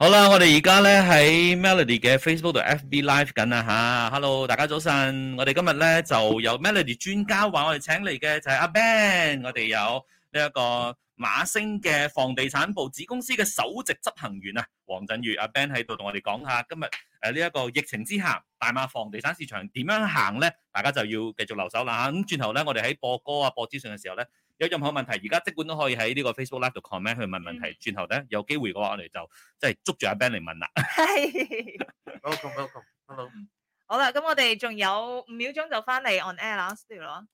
好啦，我哋而家咧喺 Melody 嘅 Facebook 度 FB Live 緊啦吓，啊、Hello 大家早晨，我哋今日咧就由 Melody 專家，話我哋請嚟嘅就係阿 Ben，我哋有呢一個馬星嘅房地產部子公司嘅首席執行員啊，王振榆阿 Ben 喺度同我哋講下今日呢一個疫情之下大馬房地產市場點樣行咧，大家就要繼續留守啦吓，咁轉頭咧我哋喺播歌啊播資訊嘅時候咧。有任何問題，而家即管都可以喺呢個 Facebook Live 度 comment 去問問題，轉頭咧有機會嘅話，我哋就即係捉住阿 Ben 嚟問啦。係，好，好，好，hello。好啦，咁我哋仲有五秒鐘就翻嚟 on air 啦，still 啊。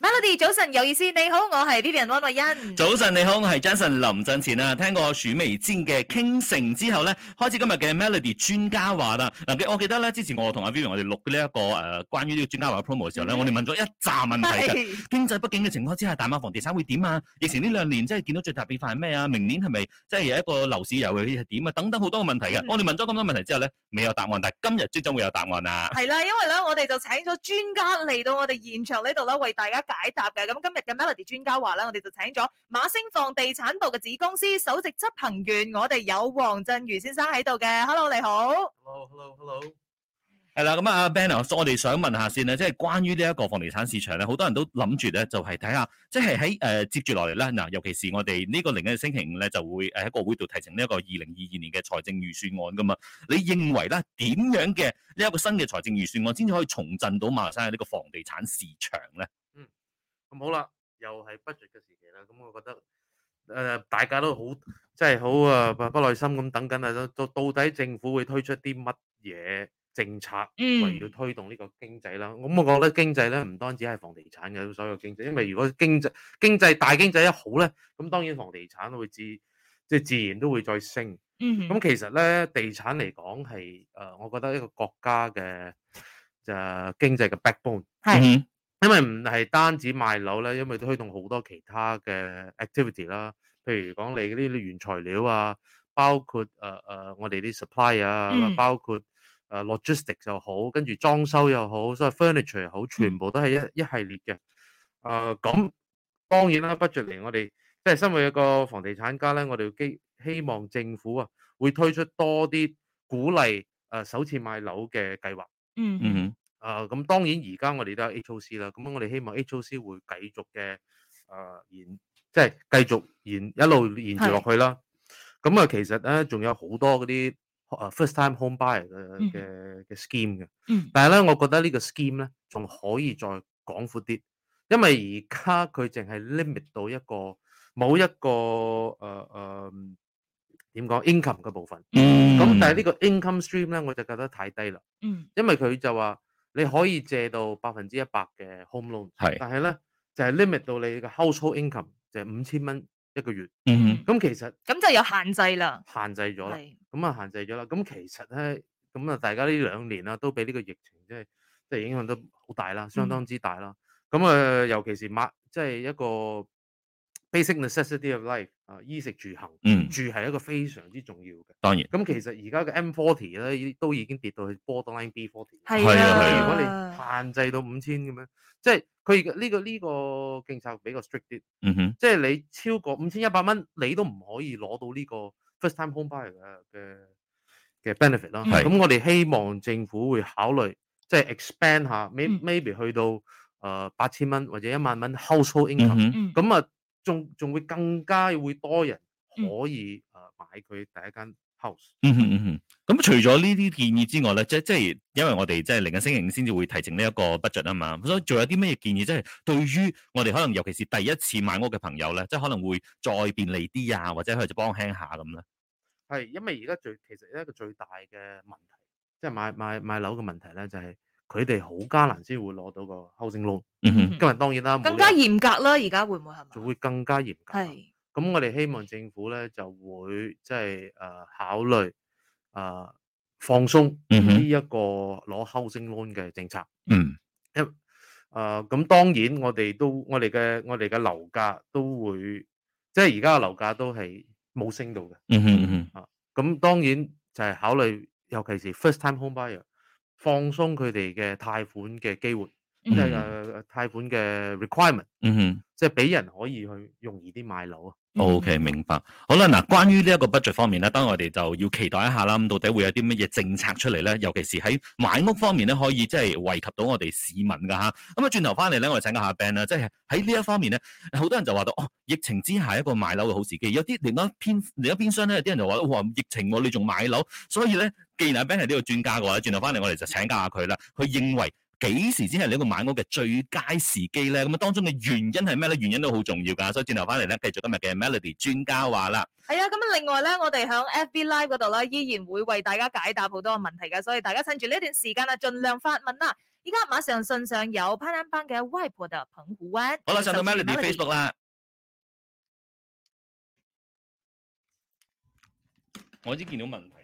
Melody 早晨有意思，你好，我係 Vivian 溫麗欣。早晨你好，我係 Jason 林振前啊。聽過《鼠眉尖》嘅傾城之後咧，開始今日嘅 Melody 專家話啦。嗱，我記得咧，之前我同阿 Vivian 我哋錄呢一、這個誒、呃、關於呢個專家話嘅 promo 嘅時候咧，嗯、我哋問咗一扎問題嘅是經濟不景嘅情況，之下，大馬房地產會點啊？疫情呢兩年、嗯、即係見到最特別變化係咩啊？明年係咪即係有一個樓市又係點啊？等等好多嘅問題嘅。嗯、我哋問咗咁多問題之後咧，未有答案，但係今日最終會有答案啊！係啦，因為咧我哋就請咗專家嚟到我哋現場呢度咧，為大家，解答嘅。咁今日嘅 Melody 專家話咧，我哋就請咗馬星房地產部嘅子公司首席執行員，我哋有王振榆先生喺度嘅。Hello，你好。Hello，Hello，Hello。係啦，咁啊，Ben，、so、我哋想問一下先咧，即、就、係、是、關於呢一個房地產市場咧，好多人都諗住咧，就係、是、睇、呃、下，即係喺誒接住落嚟咧，嗱，尤其是我哋呢個零一星期五咧，就會誒喺個會度提呈呢一個二零二二年嘅財政預算案噶嘛。你認為咧點樣嘅呢一個新嘅財政預算案先至可以重振到馬來西亞嘅呢個房地產市場咧？咁好啦，又係 budget 嘅時期啦，咁我覺得誒、呃，大家都好，即係好啊，不耐心咁等緊啊，到到底政府會推出啲乜嘢政策，嗯，為咗推動呢個經濟啦。咁、mm hmm. 我覺得經濟咧唔單止係房地產嘅所有經濟，因為如果經濟經濟大經濟一好咧，咁當然房地產會自即係自然都會再升。咁、mm hmm. 其實咧地產嚟講係誒，我覺得一個國家嘅就經濟嘅 backbone。係。因為唔係單止賣樓咧，因為都推動好多其他嘅 activity 啦。譬如講你嗰啲原材料啊，包括誒、呃、誒、呃、我哋啲 supplier 啊、嗯，包括誒、呃、logistics 又好，跟住裝修又好，所謂 furniture 又好，全部都係一、嗯、一系列嘅。誒、呃，咁當然啦，不著嚟我哋即係身為一個房地產家咧，我哋基希望政府啊會推出多啲鼓勵誒、呃、首次買樓嘅計劃。嗯嗯。嗯咁、啊、當然而家我哋都有 HOC 啦，咁我哋希望 HOC 會繼續嘅誒延，即係繼續延一路延續落去啦。咁啊是，其實咧仲有好多嗰啲誒 first time home buyer 嘅嘅、嗯、scheme 嘅，但係咧我覺得呢個 scheme 咧仲可以再廣闊啲，因為而家佢淨係 limit 到一個某一個誒誒點講 income 嘅部分。咁、嗯、但係呢個 income stream 咧，我就覺得太低啦，因為佢就話。你可以借到百分之一百嘅 home loan，係是，但係咧就係、是、limit 到你嘅 household income 就係五千蚊一個月。嗯哼，咁其實咁就有限制啦，嗯、哼限制咗啦，咁啊是限制咗啦。咁其實咧，咁啊大家呢兩年啦都俾呢個疫情即係即係影響都好大啦，相當之大啦。咁啊、嗯呃，尤其是買即係一個 basic necessity of life。啊，衣食住行，嗯、住係一個非常之重要嘅。當然，咁其實而家嘅 M40 咧，依啲都已經跌到去 borderline B40。係啊，係啊。如果你限制到五千咁樣，即係佢呢個呢、呢個政策、呢個、比較 strict 啲。嗯、哼。即係你超過五千一百蚊，你都唔可以攞到呢個 first time home buyer 嘅嘅嘅 benefit 啦。咁是我哋希望政府會考慮，即、就、係、係、expand 下、嗯、，maybe 去到誒八千蚊或者一萬蚊 household income、嗯哼。咁啊、嗯。仲仲會更加會多人可以誒買佢第一間 house、嗯。嗯嗯嗯咁、嗯嗯、除咗呢啲建議之外咧，即即係因為我哋即係嚟緊星期五先至會提呈呢一個 budget 啊嘛，所以仲有啲咩建議即係對於我哋可能尤其是第一次買屋嘅朋友咧，即係可能會再便利啲啊，或者佢就幫我輕下咁咧。係，因為而家最其實一個最大嘅問題，即係買買買,買樓嘅問題咧、就是，就係。佢哋好艱難先會攞到個 housing loan，今日當然啦，更加嚴格啦，而家會唔會係？仲會更加嚴格，係的。咁我哋希望政府咧就會即係誒考慮、呃、放鬆呢一個攞 housing loan 嘅政策。嗯，誒咁、呃、當然我哋都我哋嘅我哋嘅樓價都會即係而家嘅樓價都係冇升到嘅。嗯嗯嗯啊，咁當然就係考慮，尤其是 first time home buyer。放鬆佢哋嘅貸款嘅機會，即係誒貸款嘅 requirement，嗯哼，即係俾人可以去容易啲買樓啊。OK，明白。好啦，嗱，關於呢一個 budget 方面咧，當然我哋就要期待一下啦。咁到底會有啲乜嘢政策出嚟咧？尤其是喺買屋方面咧，可以即係惠及到我哋市民噶吓。咁啊，轉頭翻嚟咧，我哋請教下 Ben 啦，即係喺呢一方面咧，好多人就話到哦，疫情之下一個買樓嘅好時機。有啲而家偏而家偏商咧，有啲人就話哇，疫情你仲買樓，所以咧。既然阿 Ben 係呢個專家嘅話，轉頭翻嚟我哋就請教下佢啦。佢認為幾時先係你個買屋嘅最佳時機咧？咁啊，當中嘅原因係咩咧？原因都好重要噶，所以轉頭翻嚟咧，繼續今日嘅 Melody 專家話啦。係啊，咁另外咧，我哋喺 FB Live 嗰度咧，依然會為大家解答好多嘅問題嘅，所以大家趁住呢段時間啊，儘量發問啦。而家馬上信上有潘恩班嘅 Yip 婆嘅澎古灣。好啦，上到 Melody Facebook 啦，我已先見到問。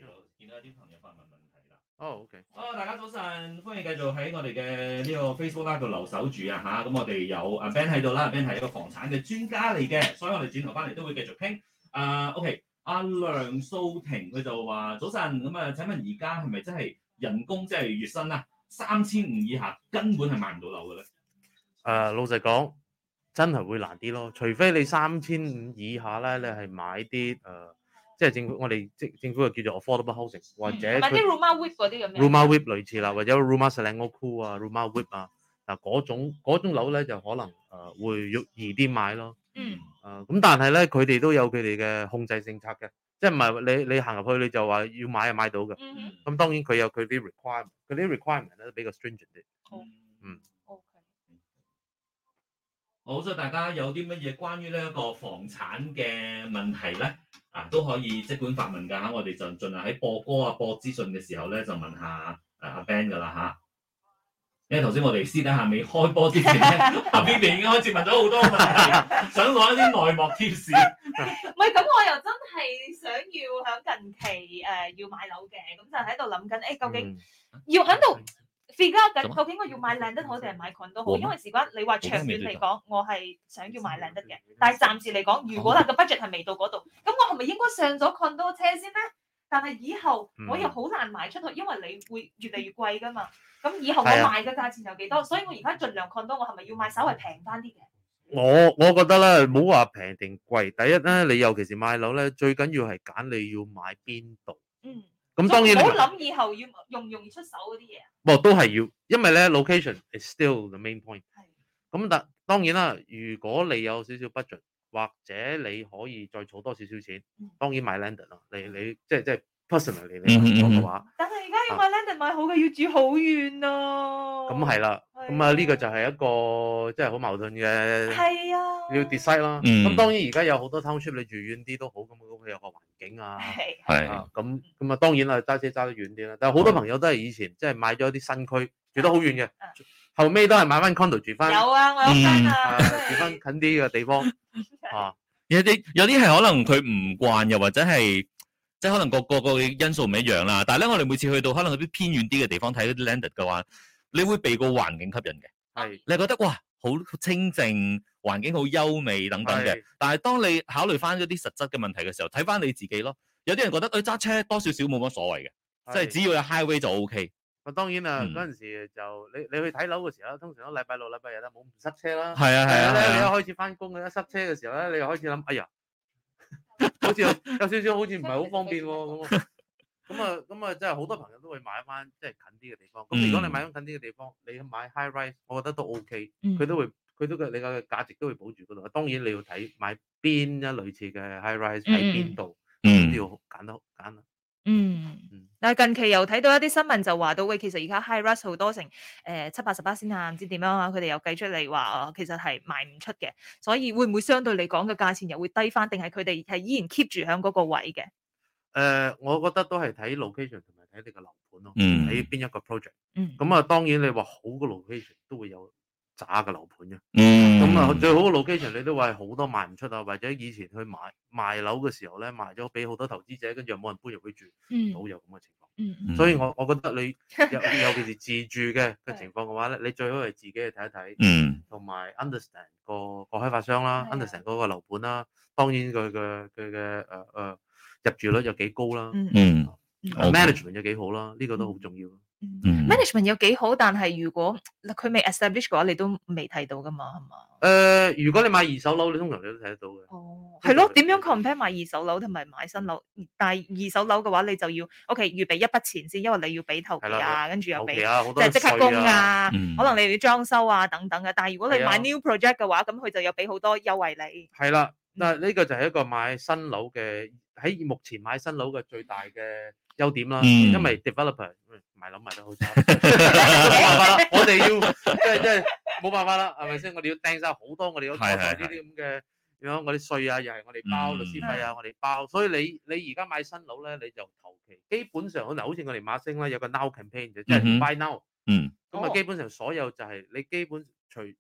哦，好、oh, okay. 大家早晨，歡迎繼續喺我哋嘅呢個 Facebook 啦，度留守住啊嚇。咁我哋有阿 Ben 喺度啦，Ben 係一個房產嘅專家嚟嘅，所以我哋轉頭翻嚟都會繼續傾。啊，OK，阿、啊、梁素婷佢就話早晨，咁啊請問而家係咪真係人工即係月薪啊三千五以下根本係買唔到樓嘅咧？誒，uh, 老實講，真係會難啲咯。除非你三千五以下咧，你係買啲誒。Uh 即係政府，我哋即政府就叫做 affordable housing，或者 Rumawip 嗰啲咁嘅 Rumawip 類似啦，嗯、是是 ip, 或者，者 Rumah Selangorku 啊，Rumawip 啊嗱嗰種嗰種樓咧就可能誒、呃、會容易啲買咯。嗯誒咁、呃，但係咧佢哋都有佢哋嘅控制政策嘅，即係唔係你你行入去你就話要買啊買到嘅。咁、嗯嗯、當然佢有佢啲 requirement，佢啲 requirement 咧比較 stringent 啲。嗯。O K、嗯。Okay. 好咁，大家有啲乜嘢關於呢一個房產嘅問題咧？啊都可以即管發問㗎，我哋就盡量喺播歌啊、播資訊嘅時候咧，就問一下阿、啊、Ben 噶啦吓，因為頭先我哋私底下未開波之前咧，阿 Ben 已經開始問咗好多問題， 想攞一啲內幕 tips。喂，咁 我又真係想要喺近期誒、呃、要買樓嘅，咁就喺度諗緊，誒究竟、嗯、要喺度。而家究竟我要買靚得好定係買 condo 都好嗎，因為事關你話長遠嚟講，我係想要買靚得嘅。但係暫時嚟講，如果咧個 budget 係未到嗰度，咁我係咪應該上咗 condo 車先咧？但係以後我又好難賣出去，因為你會越嚟越貴噶嘛。咁以後我賣嘅價錢有幾多？所以我而家盡量 condo，我係咪要買稍微平翻啲嘅？我我覺得咧，唔好話平定貴。第一咧，你尤其是買樓咧，最緊要係揀你要買邊度。嗯。咁當然你，唔好諗以後要容唔容易出手嗰啲嘢啊。都係要，因為咧 location is still the main point 係。咁但當然啦，如果你有少少 budget，或者你可以再儲多少少錢，嗯、當然買 land 啦、er。你你即即。就是就是 personally 嚟講嘅話，但係而家要買 land 買好嘅要住好遠咯。咁係啦，咁啊呢個就係一個即係好矛盾嘅，係啊，要 decide 啦。咁當然而家有好多 township，你住遠啲都好，咁佢有個環境啊，係，咁咁啊當然啦，揸車揸得遠啲啦。但係好多朋友都係以前即係買咗啲新區住得好遠嘅，後尾都係買翻 condo 住翻，有啊，我有啊，住翻近啲嘅地方啊。有啲有啲係可能佢唔慣，又或者係。即可能個個個因素唔一樣啦，但係咧，我哋每次去到可能嗰啲偏遠啲嘅地方睇啲 land 嘅話，你會被個環境吸引嘅，係是你覺得哇，好清淨，環境好優美等等嘅。是但係當你考慮翻一啲實質嘅問題嘅時候，睇翻你自己咯。有啲人覺得對揸車多少少冇乜所謂嘅，是即係只要有 highway 就 O K。我當然啊，嗰陣時就你你去睇樓嘅時候通常都禮拜六、禮拜日啦，冇唔塞車啦。係啊係啊。你一開始翻工嘅，一塞車嘅時候咧，你又開始諗，哎呀～ 好似有少少好似唔係好方便喎，咁，咁啊咁啊，真係好多朋友都會買翻即係近啲嘅地方。咁如果你買翻近啲嘅地方，mm. 你買 high rise，我覺得都 OK，佢都會佢都嘅你嘅價值都會保住嗰度。當然你要睇買邊一類似嘅 high rise 喺邊度，mm. 都要揀得揀。嗯，嗱、嗯，但近期又睇到一啲新聞就話到，喂，其實而家 high rise 好多成誒七八十巴仙啊，唔知點樣啊，佢哋又計出嚟話、哦、其實係賣唔出嘅，所以會唔會相對嚟講嘅價錢又會低翻？定係佢哋係依然 keep 住喺嗰個位嘅？誒、呃，我覺得都係睇 location 同埋睇你個樓盤咯，睇邊、嗯、一個 project。嗯，咁啊、嗯，當然你話好嘅 location 都會有。.渣嘅樓盤嘅，咁啊、mm hmm. 最好嘅老機場你都話好多賣唔出啊，或者以前去買賣樓嘅時候咧，賣咗俾好多投資者，跟住冇人搬入去住，好有咁嘅情況。Mm hmm. 所以我我覺得你尤其是自住嘅嘅情況嘅話咧， 你最好係自己去睇一睇，同埋、mm hmm. understand 個個開發商啦、mm hmm.，understand 個樓盤啦，當然佢嘅佢嘅誒誒入住率有幾高啦，嗯、mm hmm. okay.，management 又幾好啦，呢個都好重要。management 有幾好，但係如果嗱佢未 establish 嘅話，你都未睇到噶嘛，係嘛？誒、呃，如果你買二手樓，你通常你都睇得到嘅。哦，係咯，點樣 compare 買二手樓同埋買新樓？Mm hmm. 但係二手樓嘅話，你就要，ok，預備一筆錢先，因為你要俾頭期啊，了跟住又俾，即係即刻供啊，嗯、可能你要裝修啊等等嘅。但係如果你買 new project 嘅話，咁佢就有俾好多優惠你。係啦了，嗱、嗯，呢個就係一個買新樓嘅喺目前買新樓嘅最大嘅、mm。Hmm. 優點啦，嗯、因為 developer 唔、嗯、係諗埋得好，冇 辦法啦。我哋要即係即係冇辦法啦，係咪先？我哋要掟晒好多我哋嗰啲呢啲咁嘅，如我哋稅啊，又係我哋包律師費啊，我哋包、啊嗯、包。所以你你而家買新樓咧，你就求其，基本上可能好似我哋馬星啦，有個 now campaign 就即係 buy now，咁啊、嗯，嗯、基本上所有就係你基本除你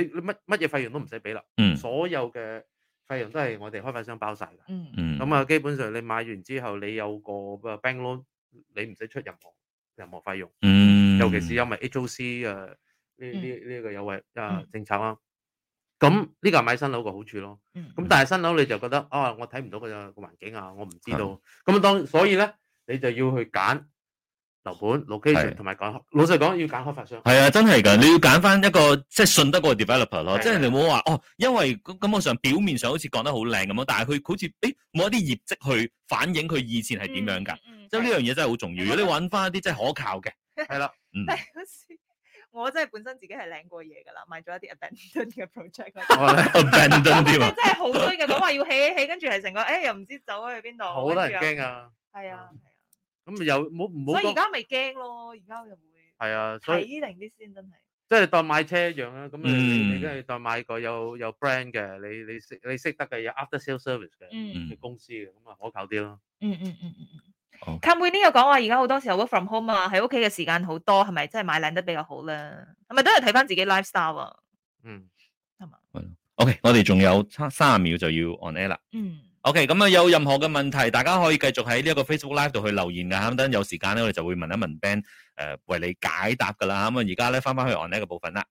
你乜乜嘢費用都唔使俾啦，嗯、所有嘅。費用都係我哋開發商包晒㗎，咁啊、嗯、基本上你買完之後，你有個 bank loan，你唔使出任何任何費用，嗯、尤其是因為 HOC 嘅呢呢呢個優惠啊政策。啊、咁呢個係買新樓個好處咯，咁但係新樓你就覺得啊，我睇唔到個環境啊，我唔知道，咁是的 當所以咧，你就要去揀。樓盤老 o c 同埋講，老實講要揀開發商。係啊，真係噶，你要揀翻一個即係信得過 developer 咯，即係你唔好話哦，因為根本上表面上好似講得好靚咁咯，但係佢好似誒冇一啲業績去反映佢以前係點樣噶，即係呢樣嘢真係好重要。如果你揾翻一啲真係可靠嘅，係啦，似，我真係本身自己係領過嘢噶啦，買咗一啲 a b a n d o n 嘅 p r o j e c t a 真係好衰嘅，講話要起起，跟住係成個誒又唔知走咗去邊度，好多人驚啊，係啊。咁又冇冇，所以而家咪驚咯，而家又會係啊，所以睇定啲先，真係以即係當買車一樣啊。咁、嗯、你都梗係當買個有有 brand 嘅，你你，你識你識得嘅有 after sales service 嘅、嗯、公司嘅，咁啊可靠啲咯。嗯嗯嗯嗯嗯。契呢個講話，而家好多時候都 work from home 啊，喺屋企嘅時間好多，係咪真係買靚得比較好咧？係咪都係睇翻自己 lifestyle 啊？嗯，係嘛嗎？係。OK，我哋仲有三十秒就要 on air 啦。嗯。OK，咁啊有任何嘅問題，大家可以繼續喺呢一個 Facebook Live 度去留言㗎，咁等有時間咧，我哋就會問一問 Ben，誒為你解答㗎喇。咁啊，而家咧翻翻去 online 嘅部分啦。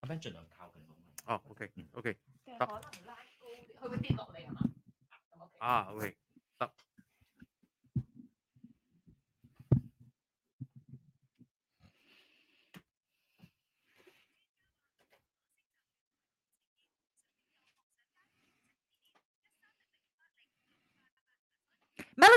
阿 Ben 盡量靠近我。哦，OK，OK，得。啊，OK。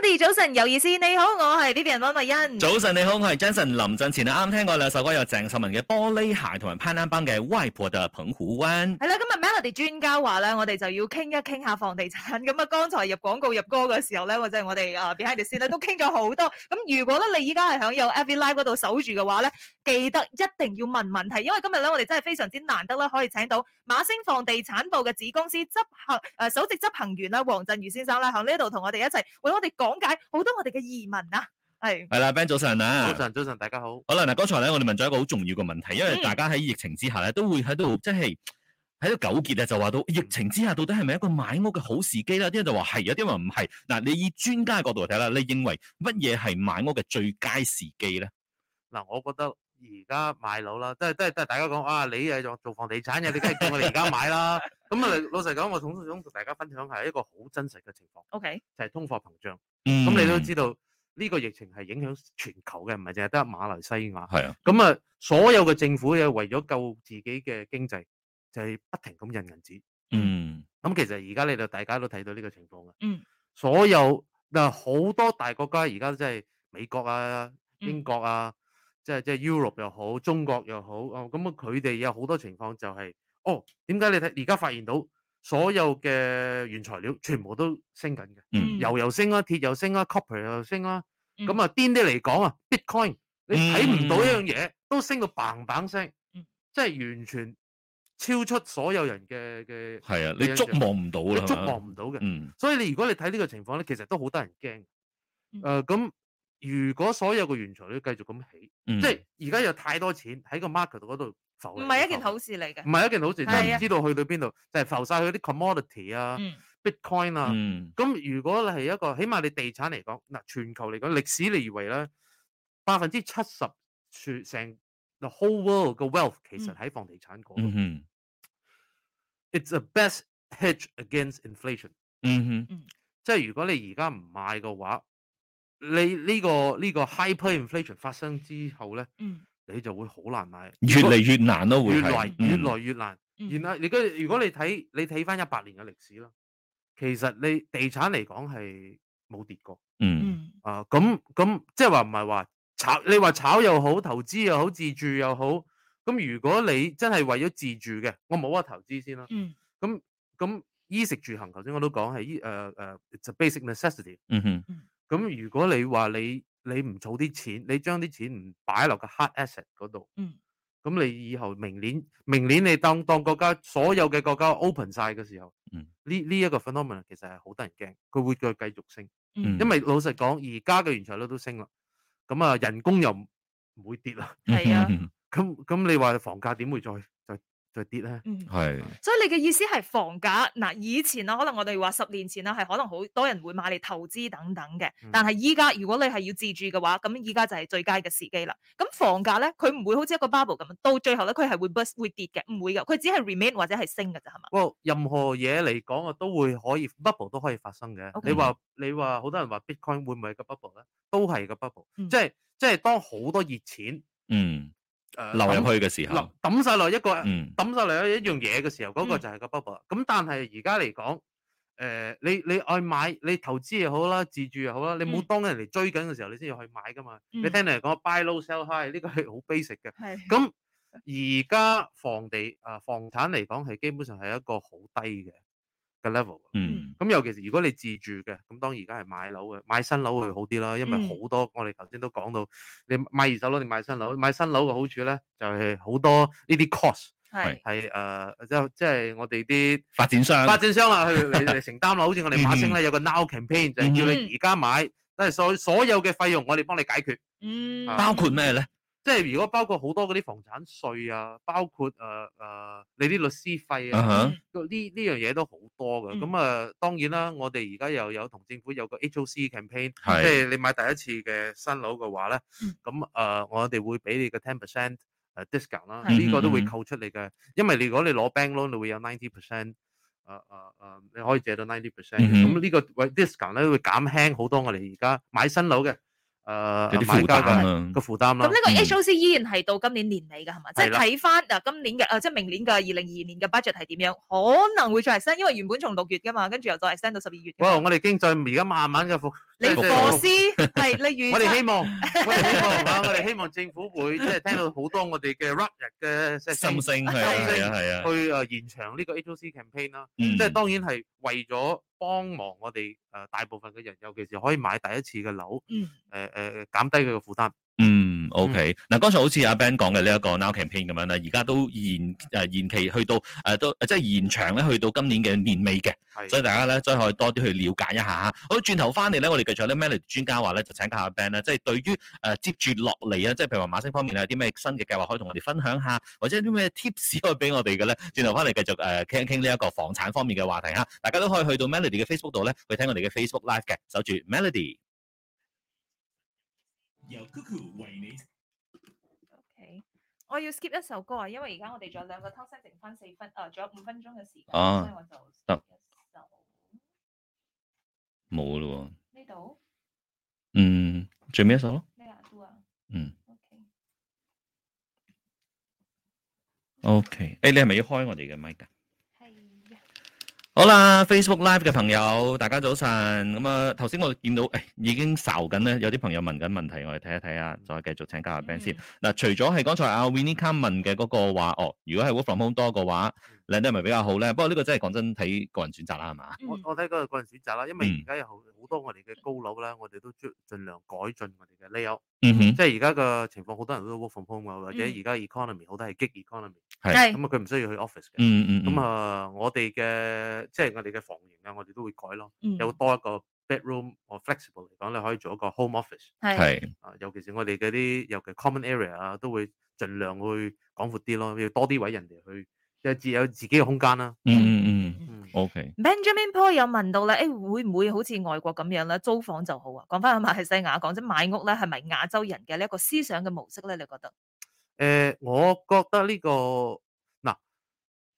我哋早晨，有意思，你好，我係呢邊嘅 Vivian 溫慧欣。早晨，你好，我係 Jason。臨陣前啊，啱聽過兩首歌，有鄭秀文嘅《玻璃鞋》同埋潘安邦嘅《外婆嘅澎湖灣》。係啦，咁啊，Melody 專家話咧，我哋就要傾一傾下房地產。咁啊，剛才入廣告入歌嘅時候咧，或者係我哋啊 behind the scene 都傾咗好多。咁 如果咧你依家係喺有 Every Live 嗰度守住嘅話咧，記得一定要問問題，因為今日咧我哋真係非常之難得啦。可以請到馬星房地產部嘅子公司執行誒、呃、首席執行員啦，王振榆先生啦，喺呢度同我哋一齊為我哋講。講解好多我哋嘅疑問啊，係係啦，Ben 早晨啊，早晨早晨，大家好。好啦，嗱，剛才咧我哋問咗一個好重要嘅問題，因為大家喺疫情之下咧都會喺度，嗯、即係喺度糾結咧，就話到疫情之下到底係咪一個買屋嘅好時機咧？啲人就話係、啊，有啲人唔係。嗱，你以專家角度嚟睇啦，你認為乜嘢係買屋嘅最佳時機咧？嗱，我覺得。而家買樓啦，即係即係即係大家講啊，你係做做房地產嘅， 你梗係叫我哋而家買啦。咁、嗯、啊，老實講，我想想同大家分享係一,一個好真實嘅情況。OK，就係通貨膨脹。嗯，咁你都知道呢、這個疫情係影響全球嘅，唔係淨係得馬來西亞。係啊，咁啊，所有嘅政府嘅為咗救自己嘅經濟，就係、是、不停咁印銀紙。嗯，咁其實而家你就大家都睇到呢個情況嘅。嗯，所有嗱好多大國家而家即係美國啊、英國啊。嗯即係即係 Europe 又好，中國又好哦，咁啊佢哋有好多情況就係、是、哦，點解你睇而家發現到所有嘅原材料全部都升緊嘅、嗯啊啊啊啊，嗯，油又升啦，鐵又升啦，copper 又升啦，咁啊癲啲嚟講啊，bitcoin 你睇唔到一樣嘢都升到嘭嘭聲，即係完全超出所有人嘅嘅係啊，你捉摸唔到嘅，你捉摸唔到嘅，嗯、所以你如果你睇呢個情況咧，其實都好得人驚，誒、呃、咁。嗯嗯如果所有嘅原材料繼續咁起，嗯、即係而家有太多錢喺個 market 嗰度浮，唔係一件好事嚟嘅。唔係一件好事，你唔的知道去到邊度，的就係浮晒去啲 commodity 啊、嗯、bitcoin 啊。咁、嗯、如果你係一個起碼你地產嚟講，嗱全球嚟講歷史嚟以為咧，百分之七十全成 the whole world 嘅 wealth 其實喺房地產嗰度。嗯、It's a best hedge against inflation。嗯嗯、即係如果你而家唔買嘅話。你呢、這個呢、這個 hyper inflation 發生之後咧，嗯、你就會好難買，越嚟越難咯會，越嚟越嚟越難。然後你、嗯、如果你睇你睇翻一百年嘅歷史啦，其實你地產嚟講係冇跌過。嗯啊，咁咁即係話唔係話炒，你話炒又好，投資又好，自住又好。咁如果你真係為咗自住嘅，我冇話投資先啦。嗯，咁咁衣食住行，頭先我都講係衣誒誒，就、uh, uh, basic necessity。嗯哼。咁如果你話你你唔儲啲錢，你將啲錢唔擺落個 hard asset 嗰度，咁你以後明年明年你當當國家所有嘅國家 open 晒嘅時候，呢呢一個 phenomenon 其實係好得人驚，佢會再繼續升，因為老實講，而家嘅原材料都升啦，咁啊人工又唔會跌啦，係啊，咁咁你話房價點會再？嘅跌咧，係、嗯，所以你嘅意思係房價嗱以前啦，可能我哋話十年前啦，係可能好多人會買嚟投資等等嘅，但係依家如果你係要自住嘅話，咁依家就係最佳嘅時機啦。咁房價咧，佢唔會好似一個 bubble 咁，到最後咧，佢係會 burst，會跌嘅，唔會噶，佢只係 remain 或者係升噶咋，係嘛？任何嘢嚟講啊，都會可以 bubble 都可以發生嘅 Okay.。你話你話好多人話 bitcoin 會唔會係個 bubble 咧？都係個 bubble，嗯、即係即係當好多熱錢，嗯。誒，呃、流入去嘅時候，抌晒落一個，抌晒落一樣嘢嘅時候，嗰、那個就係個 bubble 咁、嗯、但係而家嚟講，誒、呃，你你愛買，你投資又好啦，自住又好啦，你冇當人嚟追緊嘅時候，你先要去買噶嘛。你聽人講、嗯、buy low sell high，呢個係好 basic 嘅。咁而家房地啊、呃，房產嚟講係基本上係一個好低嘅。個 level，咁、嗯、尤其是如果你自住嘅，咁當而家係買樓嘅，買新樓會好啲啦，因為好多、嗯、我哋頭先都講到，你買二手樓，定買新樓，買新樓嘅好處咧就係、是、好多呢啲 cost，係係誒，即係即係我哋啲發展商，發展商啊去嚟承擔啦， 好似我哋馬星咧有個 now campaign 就係叫你而家買，即係、嗯、所所有嘅費用我哋幫你解決，嗯，包括咩咧？.即係如果包括好多嗰啲房產稅啊，包括誒、啊、誒、啊、你啲律師費啊，呢呢樣嘢都好多嘅。咁、mm hmm. 啊，當然啦，我哋而家又有同政府有個 HOC campaign，、mm hmm. 即係你買第一次嘅新樓嘅話咧，咁誒、mm hmm. 啊、我哋會俾你個 ten percent 誒 discount 啦、mm，呢、hmm. 個都會扣出嚟嘅。因為你如果你攞 bank loan，你會有 ninety percent 誒誒誒，你可以借到 ninety percent。咁呢、mm hmm. 個 discount 咧會減輕好多我哋而家買新樓嘅。誒，啲負擔咁啊，負擔啊，個負擔啦。咁呢個 HOC 依然係到今年年尾嘅係嘛？即係睇翻嗱，就是、今年嘅誒，即、呃、係、就是、明年嘅二零二二年嘅 budget 係點樣？可能會再 extend，因為原本從六月噶嘛，跟住又再 extend 到十二月。哇！我哋經濟而家慢慢嘅復。你駱駝師係例如，你我哋希， 希望，我哋希望我哋希望政府會即係聽到好多我哋嘅 rakyat 嘅心聲係啊，係啊，去誒延長呢個 HOC campaign 啦，即係當然係為咗幫忙我哋誒大部分嘅人，尤其是可以買第一次嘅樓，誒誒、嗯呃、減低佢嘅負擔。O K. 嗱，okay, 嗯、剛才好似阿 Ben 講嘅呢一個 now campaign 咁樣咧，而家都延延期去到都即係延長咧，去到今年嘅年尾嘅，的所以大家咧都可以多啲去了解一下。好，轉頭翻嚟咧，我哋繼續咧 Melody 專家話咧，就請教下 Ben 即係對於、呃、接住落嚟啊，即、就、係、是、譬如話馬星方面有啲咩新嘅計劃可以同我哋分享下，或者啲咩 tips 可以俾我哋嘅咧？轉頭翻嚟繼續誒傾、呃、一傾呢一個房產方面嘅話題吓，大家都可以去到 Melody 嘅 Facebook 度咧，去聽我哋嘅 Facebook Live 嘅，守住 Melody。由 Cuckoo 為你。O、okay. K，我要 skip 一首歌啊，因為而家我哋仲有兩個 topic，剩翻四分，呃、分啊，仲有五分鐘嘅時間，所以我就。得、啊。冇啦喎。呢度裡？嗯，最尾一首咯。咩啊？都啊。嗯。O K。O K。誒，你係咪要開我哋嘅麥噶？好啦，Facebook Live 嘅朋友，大家早晨。咁啊，頭先我見到，誒、哎，已經嘈緊咧，有啲朋友問緊問題，我哋睇一睇啊，再繼續請嘉賓先。嗱、mm，hmm. 除咗係剛才阿 Vinny Cameron 問嘅嗰個話，哦，如果係 Work From Home 多嘅話。靚啲係咪比較好咧？不過呢個真係講真睇個人選擇啦，係嘛？我我睇個個人選擇啦，因為而家有好好多我哋嘅高樓咧，我哋都盡量改進我哋嘅 layout。即係而家嘅情況，好多人都 work from home 啊，或者而家 economy 好多係 gig economy，咁啊佢唔需要去 office 嘅。咁啊，我哋嘅即係我哋嘅房型啊，我哋都會改咯，有多一個 bedroom or flexible 嚟講你可以做一個 home office 係尤其是我哋嗰啲尤其 common area 啊，都會儘量去廣闊啲咯，要多啲位人哋去。有自有自己嘅空間啦、啊嗯。嗯嗯嗯嗯，OK。Benjamin Paul 有問到啦，誒、欸，會唔會好似外國咁樣咧？租房就好啊？講翻喺馬來西亞，講真買屋咧，係咪亞洲人嘅呢一個思想嘅模式咧？你覺得？誒、呃，我覺得呢、這個嗱、啊、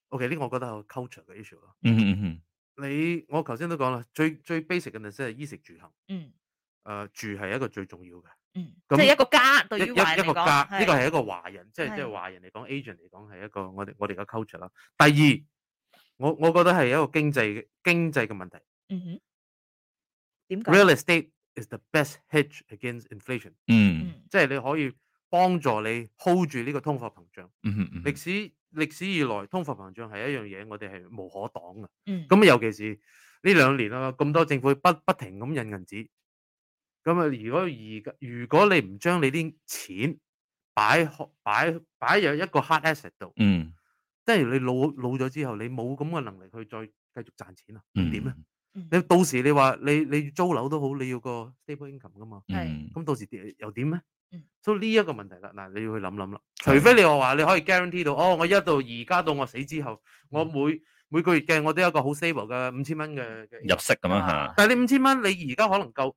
OK，呢個我覺得係 culture 嘅 issue 咯。嗯哼嗯嗯。你我頭先都講啦，最最 basic 嘅嘢即係衣食住行。嗯。誒、呃，住係一個最重要嘅。嗯，那即係一,一,一,一個家，對於華嚟講，一個家呢個係一個華人，是即係即係華人嚟講，agent 嚟講係一個我哋我哋嘅 culture 啦。第二，我我覺得係一個經濟嘅經濟嘅問題。嗯哼，點講？Real estate is the best hedge against inflation。嗯，即係你可以幫助你 hold 住呢個通貨膨脹，嗯。嗯，歷史歷史以來，通貨膨脹係一樣嘢，我哋係無可擋嘅。咁、嗯、尤其是呢兩年啦，咁多政府不不停咁印銀紙。咁啊！如果而家如果你唔將你啲錢擺擺擺入一個 hard asset 度，嗯，即係你老老咗之後，你冇咁嘅能力去再繼續賺錢啊？點咧？嗯、你到時你話你你租樓都好，你要個 stable income 噶嘛？係、嗯，咁到時又點咧？所以呢一個問題啦，嗱你要去諗諗啦。除非你話話你可以 guarantee 到，哦，我一到而家到我死之後，我每、嗯、每個月嘅我都有一個好 stable 嘅五千蚊嘅入息咁樣吓。但係你五千蚊，你而家可能夠。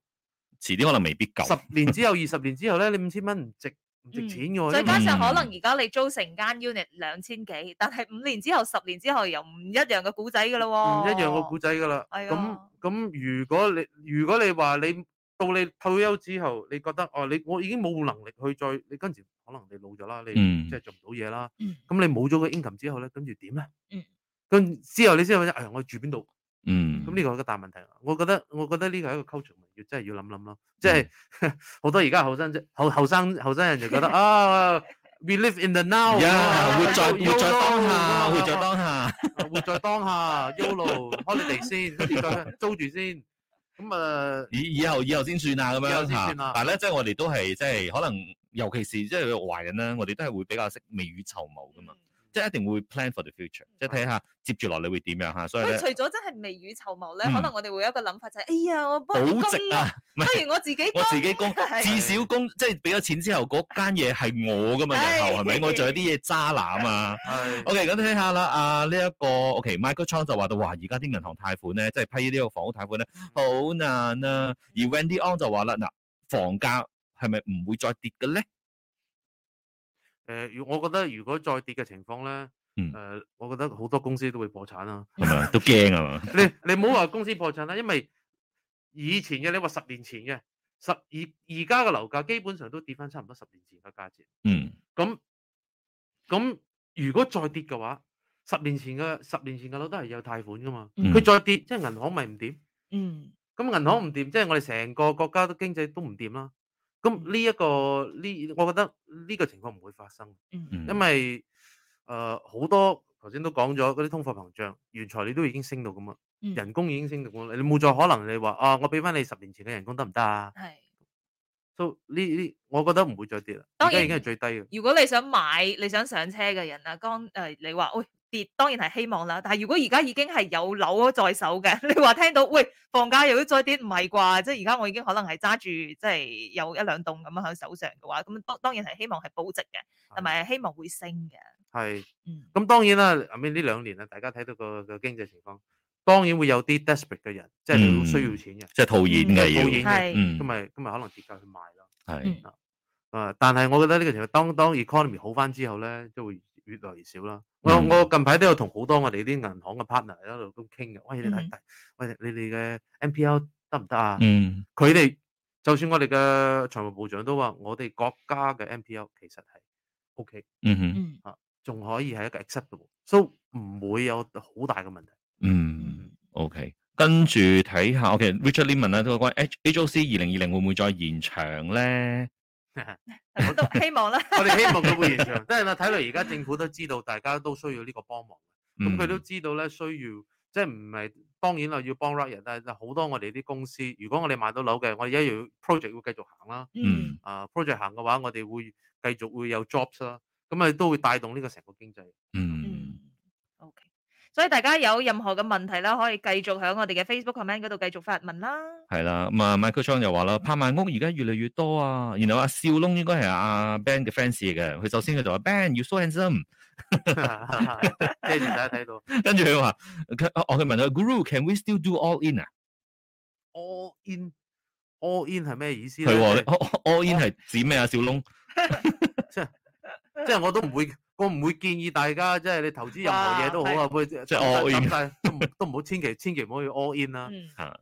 遲啲可能未必夠。十年之後、 二十年之後咧，你五千蚊唔值唔值錢。再加上可能而家你租成間 unit 兩千幾，但係五年之後、十年之後又唔一樣嘅古仔噶啦。唔一樣嘅古仔噶啦。咁咁的，如果你如果你話你到你退休之後，你覺得哦、啊，你我已經冇能力去再，你跟住可能你老咗啦，你即係做唔到嘢啦。咁、嗯、你冇咗個 income 之後咧，跟住點咧？跟、嗯、之後你先諗一，哎呀，我住邊度？嗯，咁呢個係一個大問題，我覺得，我覺得呢個係一個 culture 要真係要諗諗咯。即係好多而家後生，即後後生後生人就覺得啊，we live in the now，活在活在當下，活在當下，活在當下，YOLO，holiday 先，租住先，咁啊，以以後以後先算啊，咁樣吓。但係咧，即係我哋都係即係可能，尤其是即係華人啦，我哋都係會比較識未雨綢繆噶嘛。即係一定會 plan for the future，即係睇下接住落嚟你會點樣嚇。所以除咗真係未雨綢繆，咧，可能我哋會有一個諗法就係：哎呀，我保值啊！不如我自己，我自己供，至少供，即係俾咗錢之後，嗰間嘢係我噶嘛，然後係咪？我仲有啲嘢揸攬啊。OK，咁睇下啦，啊呢一個 OK，Michael Chan 就話到話，而家啲銀行貸款咧，即係批呢個房屋貸款咧，好難啊。而 Wendy On 就話啦，嗱，房價係咪唔會再跌嘅咧？誒，如、呃、我覺得如果再跌嘅情況咧，誒、嗯，我覺得好多公司都會破產啦、啊，係咪 fashion .？ 都驚啊嘛！你你唔好話公司破產啦、啊，因為以前嘅你話十年前嘅，十而而家嘅樓價基本上都跌翻差唔多十年前嘅價錢。嗯，嗯，嗯。咁咁、嗯嗯、如果再跌嘅話，十年前嘅十年前嘅樓都係有貸款噶嘛？佢再跌，即係、嗯嗯就是、銀行咪唔掂？嗯。咁銀行唔掂，即係我哋成個國家都經濟都唔掂啦。咁呢一個呢，我覺得呢個情況唔會發生，嗯嗯，因為誒好、呃、多頭先都講咗嗰啲通貨膨脹，原材料都已經升到咁啦，嗯、人工已經升到咁啦，你冇再可能，你話啊，我俾翻你十年前嘅人工得唔得啊？係是，都呢呢，我覺得唔會再跌啦，而家然已經係最低嘅。如果你想買、你想上車嘅人啊，剛誒、呃、你話喂。哎跌當然係希望啦，但係如果而家已經係有樓在手嘅，你話聽到喂房價又要再跌，唔係啩？即係而家我已經可能係揸住，即係有一兩棟咁樣喺手上嘅話，咁當當然係希望係保值嘅，同埋是希望會升嘅。係，咁當然啦，後面呢兩年咧，大家睇到個個經濟情況，當然會有啲 desperate 嘅人，即係好需要錢嘅，即係套現嘅要，套現，咁咪咁咪可能跌價去賣咯。係啊，誒，但係我覺得呢個情況當當 economy 好翻之後咧，都會。越嚟越少啦。我我近排都有同好多我哋啲銀行嘅 partner 喺度咁傾嘅。喂，你哋，喂你哋嘅 NPL 得唔得啊？嗯，佢哋就算我哋嘅財務部長都話，我哋國家嘅 NPL 其實係 OK。嗯哼，仲可以係一個 acceptable so 唔會有好大嘅問題。嗯，OK，跟住睇下 OK Richard Lehman 咧，都關 HOC 二零二零會唔會再延長咧？ 我 都希望啦， 我哋希望佢會延長，即係啦。睇嚟而家政府都知道大家都需要呢個幫忙，咁佢都知道咧需要，即係唔係當然啦，要幫弱人啦。好多我哋啲公司，如果我哋買到樓嘅，我哋一樣 project 會繼續行啦。嗯，啊，啊 project 行嘅話，我哋會繼續會有 jobs 啦，咁啊都會帶動呢個成個經濟。嗯。嗯。O K。所以大家有任何嘅問題啦，可以繼續喺我哋嘅 Facebook comment 嗰度繼續發問啦。係啦，咁啊，Michael Chong 又話啦，拍賣屋而家越嚟越多啊。然後阿少窿應該係阿 Ben 嘅 fans 嚟嘅。佢首先佢就話 Ben，you so handsome，跟住大家睇到。跟住佢話，啊，我去問佢 Guru，can we still do all in 啊？all in all in 係咩意思啊？佢 all all all in 係指咩啊？少窿，即係即係我都唔會。我唔會建議大家，即係你投資任何嘢都好啊，即係 all in 都唔好千祈千祈唔好去 all in 啦、啊。吓、嗯，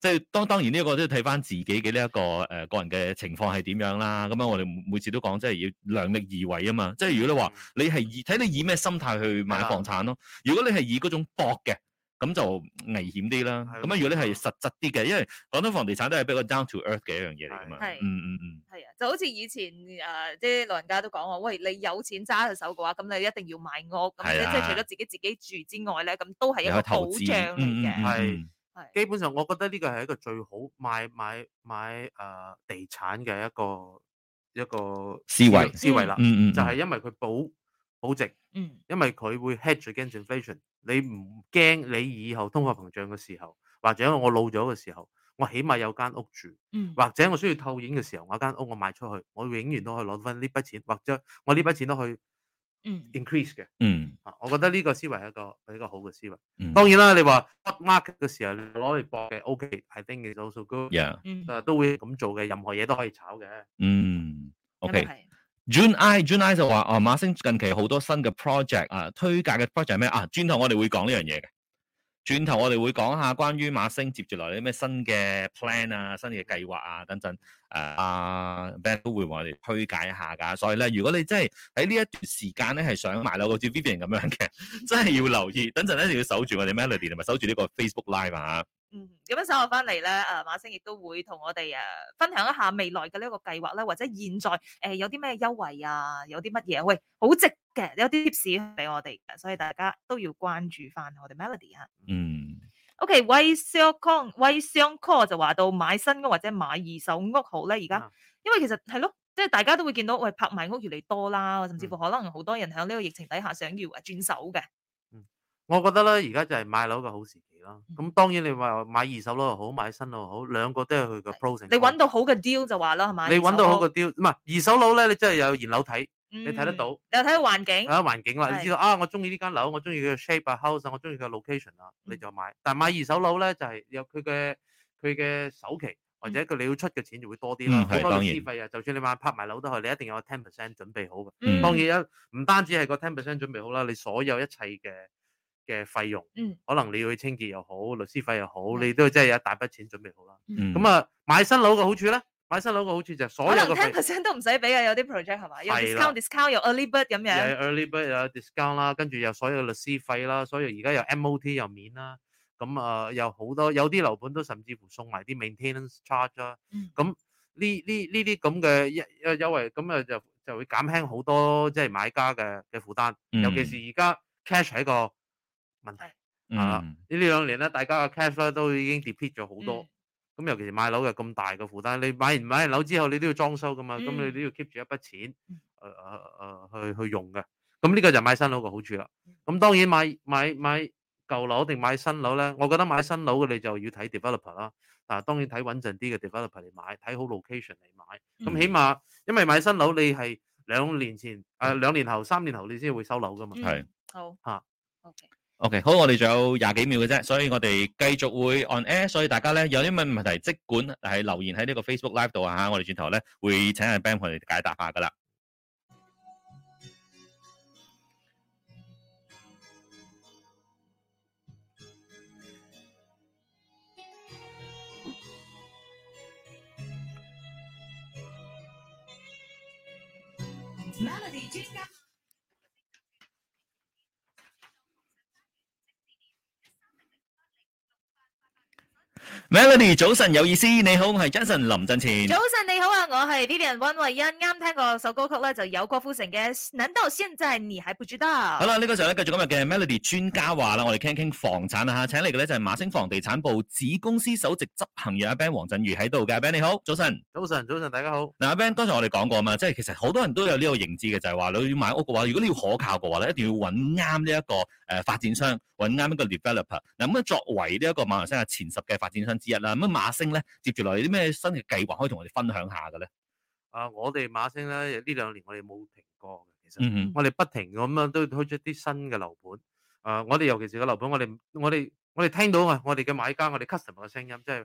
即係當當然呢、這、一個都睇翻自己嘅呢一個誒、呃、個人嘅情況係點樣啦。咁樣我哋每次都講，即、就、係、是、要量力而為啊嘛。即、就、係、是、如果你話你係以睇你以咩心態去買房產咯，如果你係以嗰種搏嘅。咁就危險啲啦。咁樣的如果你係實質啲嘅，因為廣東房地產都係比較 down to earth 嘅一樣嘢嚟㗎嘛。係的，嗯嗯嗯，係啊，就好似以前誒，即係老人家都講話，喂，你有錢揸隻手嘅話，咁你一定要買屋。係，即係除咗自己自己住之外咧，咁都係一個保障嚟嘅。係，嗯嗯嗯嗯的基本上，我覺得呢個係一個最好買買買誒、呃、地產嘅一個一個思維思維啦。嗯，維嗯，嗯嗯，就係因為佢保保值。嗯，因為佢會 hedge against inflation 你唔驚你以後通貨膨脹嘅時候，或者我老咗嘅時候，我起碼有間屋住，嗯、或者我需要套現嘅時候，我間屋我賣出去，我永遠都可以攞翻呢筆錢，或者我呢筆錢都可以 increase 嘅。嗯，啊，我覺得呢個思維係一個比較好嘅思維。嗯，當然啦，你話 hot market 嘅時候攞嚟搏嘅，OK，I think it's also good，嗯，啊都會咁做嘅，任何嘢都可以炒嘅。嗯，OK 嗯。June I June I 就話，哦，馬星近期好多新嘅 project 啊，推介嘅 project 係咩啊？轉頭我哋會講呢樣嘢嘅，轉頭我哋會講下關於馬星接住落嚟啲咩新嘅 plan 啊，新嘅計劃啊，等陣，誒、阿 Ben 都會同我哋推介一下噶所以咧，如果你真係喺呢一段時間咧係想買樓，好似 Vivian 咁樣嘅，真係要留意，等陣咧，就要守住我哋 Melody 同埋守住呢個 Facebook Live 啊。嗯，咁樣稍後翻嚟咧，誒、啊、馬星亦都會同我哋、啊、分享一下未來嘅呢一個計劃咧，或者現在、呃、有啲咩優惠啊，有啲乜嘢？喂，好值嘅，有啲 tips 俾我哋，所以大家都要關注翻我哋 Melody 嚇。嗯。O K. Wei Sheng Kong, Wei Sheng Kong 就話到買新屋或者買二手屋好咧，而家、嗯、因為其實係咯，即係大家都會見到，喂拍賣屋越嚟越多啦，甚至乎可能好多人喺呢個疫情底下想要啊轉手嘅。我覺得咧，而家就係買樓嘅好時期咯。咁當然你話買二手樓又好，買新樓又好，兩個都係佢嘅 pros and cons。你揾到好嘅 deal 就話啦，係咪？你揾到好嘅 deal 唔係二手樓咧，你真係有現樓睇，你睇得到。你睇睇環境，睇環境啦。你知道啊，我中意呢間樓，我中意佢嘅 shape 啊，house，我中意佢嘅 location 啦，你就買。但係買二手樓咧，就係有佢嘅佢嘅首期，或者佢你要出嘅錢就會多啲啦。好多啲資費啊，就算你買拍埋樓都係，你一定有 ten percent 準備好嘅。當然啊，唔單止係個 ten percent 準備好啦，你所有一切嘅。嘅費用，嗯，可能你要去清潔又好，嗯、律師費又好，你都真係一大筆錢準備好啦。咁、嗯、啊，買新樓嘅好處咧，買新樓嘅好處就係所有嘅可能 ten percent 都唔使俾啊。有啲 project 係嘛，有 discount, 的 discount discount，有 early bird 咁樣，有 early bird 有 discount 啦，跟住有所有律師費啦，所以而家有 M O T 又免啦，咁啊有好多有啲樓盤都甚至乎送埋啲 maintenance ain charge 啦、嗯。咁呢呢呢啲咁嘅一誒優惠，咁啊就就會減輕好多即係、就是、買家嘅嘅負擔，嗯、尤其是而家 cash 喺個。問題的、嗯、啊！兩呢呢兩年咧，大家嘅 cash 咧都已經 depleted 咗好多。咁、嗯、尤其是買樓又咁大嘅負擔，你買完買完樓之後，你都要裝修噶嘛？咁、嗯、你都要 keep 住一筆錢，誒誒誒，去去用嘅。咁呢個就買新樓嘅好處啦。咁當然買買買舊樓定買新樓咧，我覺得買新樓嘅你就要睇 developer 啦。啊，當然睇穩陣啲嘅 developer 嚟買，睇好 location 嚟買。咁起碼，嗯、因為買新樓你係兩年前誒，兩、啊、年後、三年後你先會收樓噶嘛？係、嗯、的好吓。OK。OK，好，我哋仲有廿幾秒嘅啫，所以我哋繼續會 on air，所以大家咧有啲咩問題，即管喺留言喺呢個 Facebook Live 度啊，我哋轉頭咧會請阿 Ben 同你解答下㗎喇。Melody，早晨有意思，你好，我係 Jason 林振前。早晨。你好啊，我係呢 B 人温慧欣，啱聽個首歌曲咧，就有郭富城嘅。難道現在你還不知道？好啦，呢、這個時候咧，繼續今日嘅 Melody 專家話啦，我哋傾一傾房產啊吓，請嚟嘅咧就係、是、馬星房地產部子公司首席執行人阿、啊、Ben 王振榆喺度嘅，Ben 你好，早晨，早晨，早晨，大家好。嗱、啊，阿 Ben，剛才我哋講過啊嘛，即係其實好多人都有呢個認知嘅，就係、是、話你要買屋嘅話，如果你要可靠嘅話咧，一定要揾啱呢一個誒發展商，揾啱一個 developer。嗱、啊，咁咧作為呢一個馬來西亞前十嘅發展商之一啦，咁馬星咧接住落嚟啲咩新嘅計劃可以同我哋分享？下嘅咧，啊！我哋馬星咧呢兩年我哋冇停過嘅，其實，我哋不停咁樣都推出啲新嘅樓盤。誒、呃，我哋尤其是個樓盤，我哋我哋我哋聽到啊，我哋嘅買家我哋 customer 嘅聲音，即係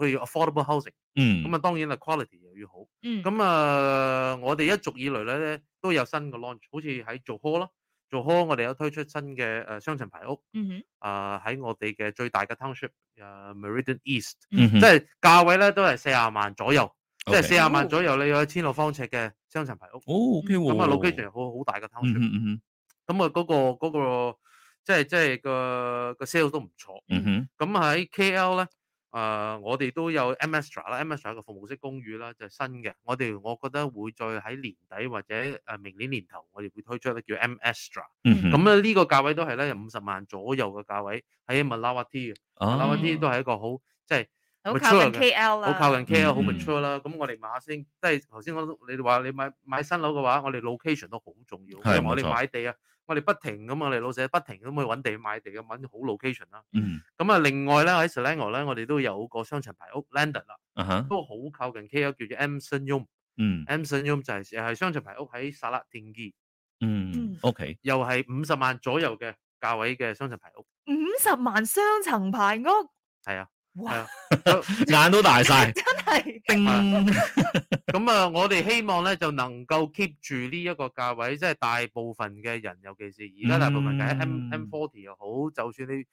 去 affordable housing，嗯，咁啊、嗯，嗯、當然啦 quality 又要好，嗯，咁、嗯、啊，我哋一直以嚟咧都有新嘅 launch，好似喺、oh、做 hall 咯，做 hall 我哋有推出新嘅誒雙層排屋，啊喺、嗯呃、我哋嘅最大嘅 township 誒、呃、Meridian East，、嗯嗯、即係價位咧都係四十萬左右。即係四十萬左右，你 Okay.、哦、有一千六方尺嘅雙層排屋。哦，咁、okay、啊、哦，location 好好大嘅 town 咁啊、嗯哼、嗰、嗰個、嗰個即係即係個、嗰個 s a、嗯、哼 l e 都唔錯。咁喺 KL 咧，誒，我哋都有 Mestra 啦 Mestra 係一個服務式公寓啦，就係、是、新嘅。我哋我覺得會再喺年底或者誒明年年頭，我哋會推出咧叫 Mestra 咁啊，呢個價位都係咧，五十萬左右嘅價位喺 Malawati 嘅 Malawati,、啊、Malawati 都係一個好即係。好靠近 KL 啦，好靠近 KL，好 mature 啦。咁我哋馬星先，即係頭先我你哋話你買買新樓嘅話，我哋 location 都好重要。係，我哋買地啊，我哋不停咁，我哋老細不停咁去揾地買地咁揾好 location 啦。嗯。咁啊，另外咧喺 Selangor 咧，我哋都有個雙層排屋 landed 啦。啊哈。都好靠近 KL，叫做 Emson Yum。嗯。Emson Yum 就係係雙層排屋喺 Salak Tinggi。嗯。OK。又係五十萬左右嘅價位嘅雙層排屋。五十萬雙層排屋。係啊。係哇啊，眼都大晒，真係定咁啊！我哋希望咧就能夠 keep 住呢一個價位，即、就、係、是、大部分嘅人，尤其是而家大部分喺 M、嗯、M forty 又好，就算你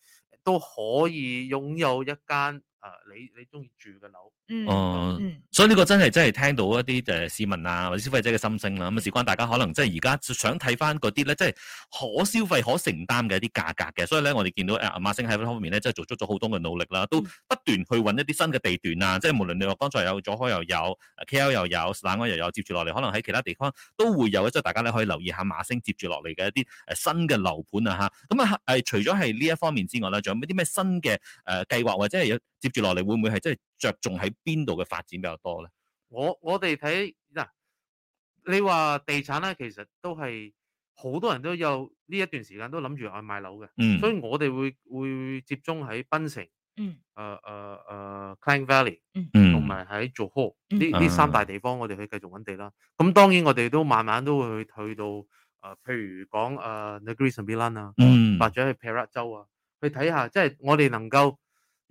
都可以擁有一間。啊！你你中意住嘅樓，嗯，嗯、哦所啊啊就是，所以呢個真係真係聽到一啲誒市民啊或者消費者嘅心聲啦，咁啊事關大家可能即係而家想睇翻嗰啲咧，即係可消費可承擔嘅一啲價格嘅，所以咧我哋見到誒馬星喺呢方面咧，即、就、係、是、做足咗好多嘅努力啦，都不斷去揾一啲新嘅地段啊，嗯、即係無論你話剛才有咗海又有 K L 又有冷安又有，有接住落嚟，可能喺其他地方都會有，即係大家咧可以留意下馬星接住落嚟嘅一啲誒新嘅樓盤啊吓，咁啊誒除咗係呢一方面之外咧，仲有冇啲咩新嘅誒計劃或者係？接住落嚟會唔會係真係着重喺邊度嘅發展比較多咧？我我哋睇嗱，你話地產咧，其實都係好多人都有呢一段時間都諗住去買樓嘅，嗯，所以我哋會會集中喺檳城，嗯，誒誒誒，Klang Valley，同埋喺 Johor 呢呢三大地方我們繼續地，我哋去繼續揾地啦。咁當然我哋都慢慢都會去去到誒、呃，譬如講誒 Negeri Sembilan 啊，嗯，或者係 Perak 州啊，去睇下，即、就、係、是、我哋能夠。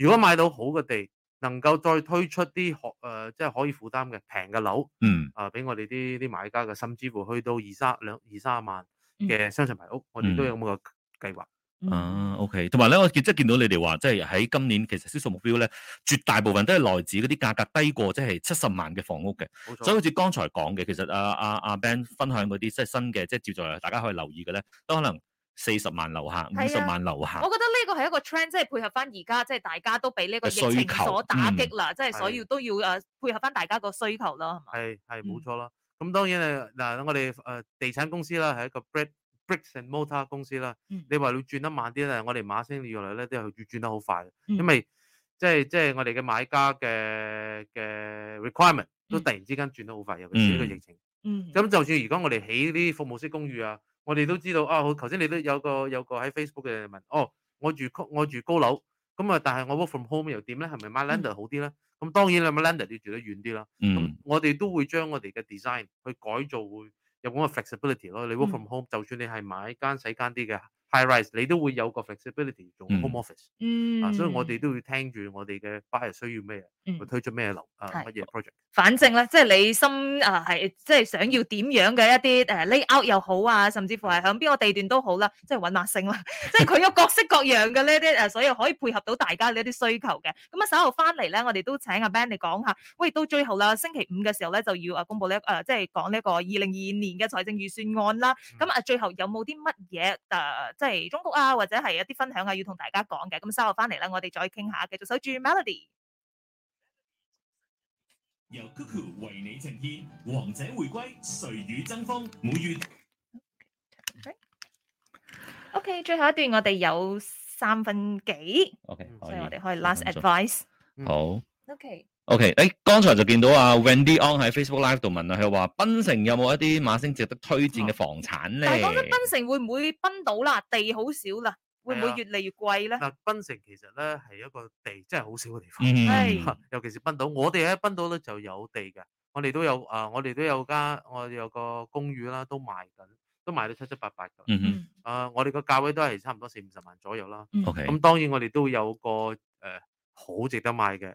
如果買到好嘅地，能夠再推出啲可誒，即係可以負擔嘅平嘅樓，嗯，啊，俾我哋啲啲買家嘅，甚至乎去到二三兩二三萬嘅雙層排屋，嗯、我哋都有咁嘅計劃。嗯、啊，OK，同埋咧，我見即係見到你哋話，即係喺今年其實銷售目標咧，絕大部分都係來自嗰啲價格低過即係七十萬嘅房屋嘅。錯所以好似剛才講嘅，其實阿阿阿 Ben 分享嗰啲即係新嘅，即係照在大家可以留意嘅咧，都可能。四十萬樓下，五十萬樓下，啊，我覺得呢個係一個 trend，即係配合翻而家，即、就、係、是、大家都俾呢個疫情所打擊啦，即係、嗯、所以都要誒配合翻大家個需求咯，係咪是？係係冇錯啦。咁當然誒嗱，我哋誒地產公司啦，係一個 bread bricks and mortar 公司啦。嗯、你話要轉得慢啲咧，我哋馬升以來咧都係轉轉得好快，嗯、因為即係即係我哋嘅買家嘅嘅 requirement 都突然之間轉得好快，嗯、尤其是呢個疫情。咁、嗯、就算如果我哋起啲服務式公寓啊。我哋都知道啊，頭、哦、先你都有個有個喺 Facebook 嘅問哦，我住高我住高樓，咁啊，但係我 work from home 又點咧？係咪買 land 好啲咧？咁、嗯、當然你買 land 要住得遠啲啦。咁、嗯、我哋都會將我哋嘅 design 去改造，會有咁嘅 flexibility 咯。你 work from home，、嗯、就算你係買細間細間啲嘅。High rise 你都會有個 flexibility 做 home office，、嗯、啊，嗯、所以我哋都會聽住我哋嘅 buyer 需要咩，佢、嗯、推出咩樓啊，乜嘢 project。Pro 反正咧，即係你心啊，係、呃、即係想要點樣嘅一啲、呃、layout 又好啊，甚至乎係響邊個地段都好啦，即係揾馬星啦， 即係佢有各式各樣嘅呢啲，所以可以配合到大家呢啲需求嘅。咁啊，稍後翻嚟咧，我哋都請阿 Ben 嚟講下。喂，到最後啦，星期五嘅時候咧就要啊，公布呢誒、呃，即係講呢個二零二二年嘅財政預算案啦。咁啊、嗯，最後有冇啲乜嘢即係中國啊，或者係一啲分享啊，要同大家講嘅咁稍後翻嚟啦，我哋再傾下，繼續守住 Melody。由 Cuckoo 為你呈現王者回歸，誰與爭鋒？每月 OK，最後一段我哋有三分幾 OK，所以我哋可以 last advice。好 OK。O.K.，誒，剛才就見到阿 Wendy On 喺 Facebook Live 度問啊，佢話檳城有冇一啲馬星值得推薦嘅房產咧、啊？但係講緊檳城會唔會檳島啦？地好少啦，會唔會越嚟越貴咧？啊，檳城其實咧係一個地真係好少嘅地方，嗯、哼尤其是檳島，我哋喺檳島咧就有地嘅，我哋都有啊、呃，我哋都有間，我哋有個公寓啦，都賣緊，都賣到七七八八嘅。啊、嗯哼呃，我哋個價位都係差唔多四五十萬左右啦。O.K.，咁、嗯、哼當然我哋都有個誒，好、呃、值得買嘅。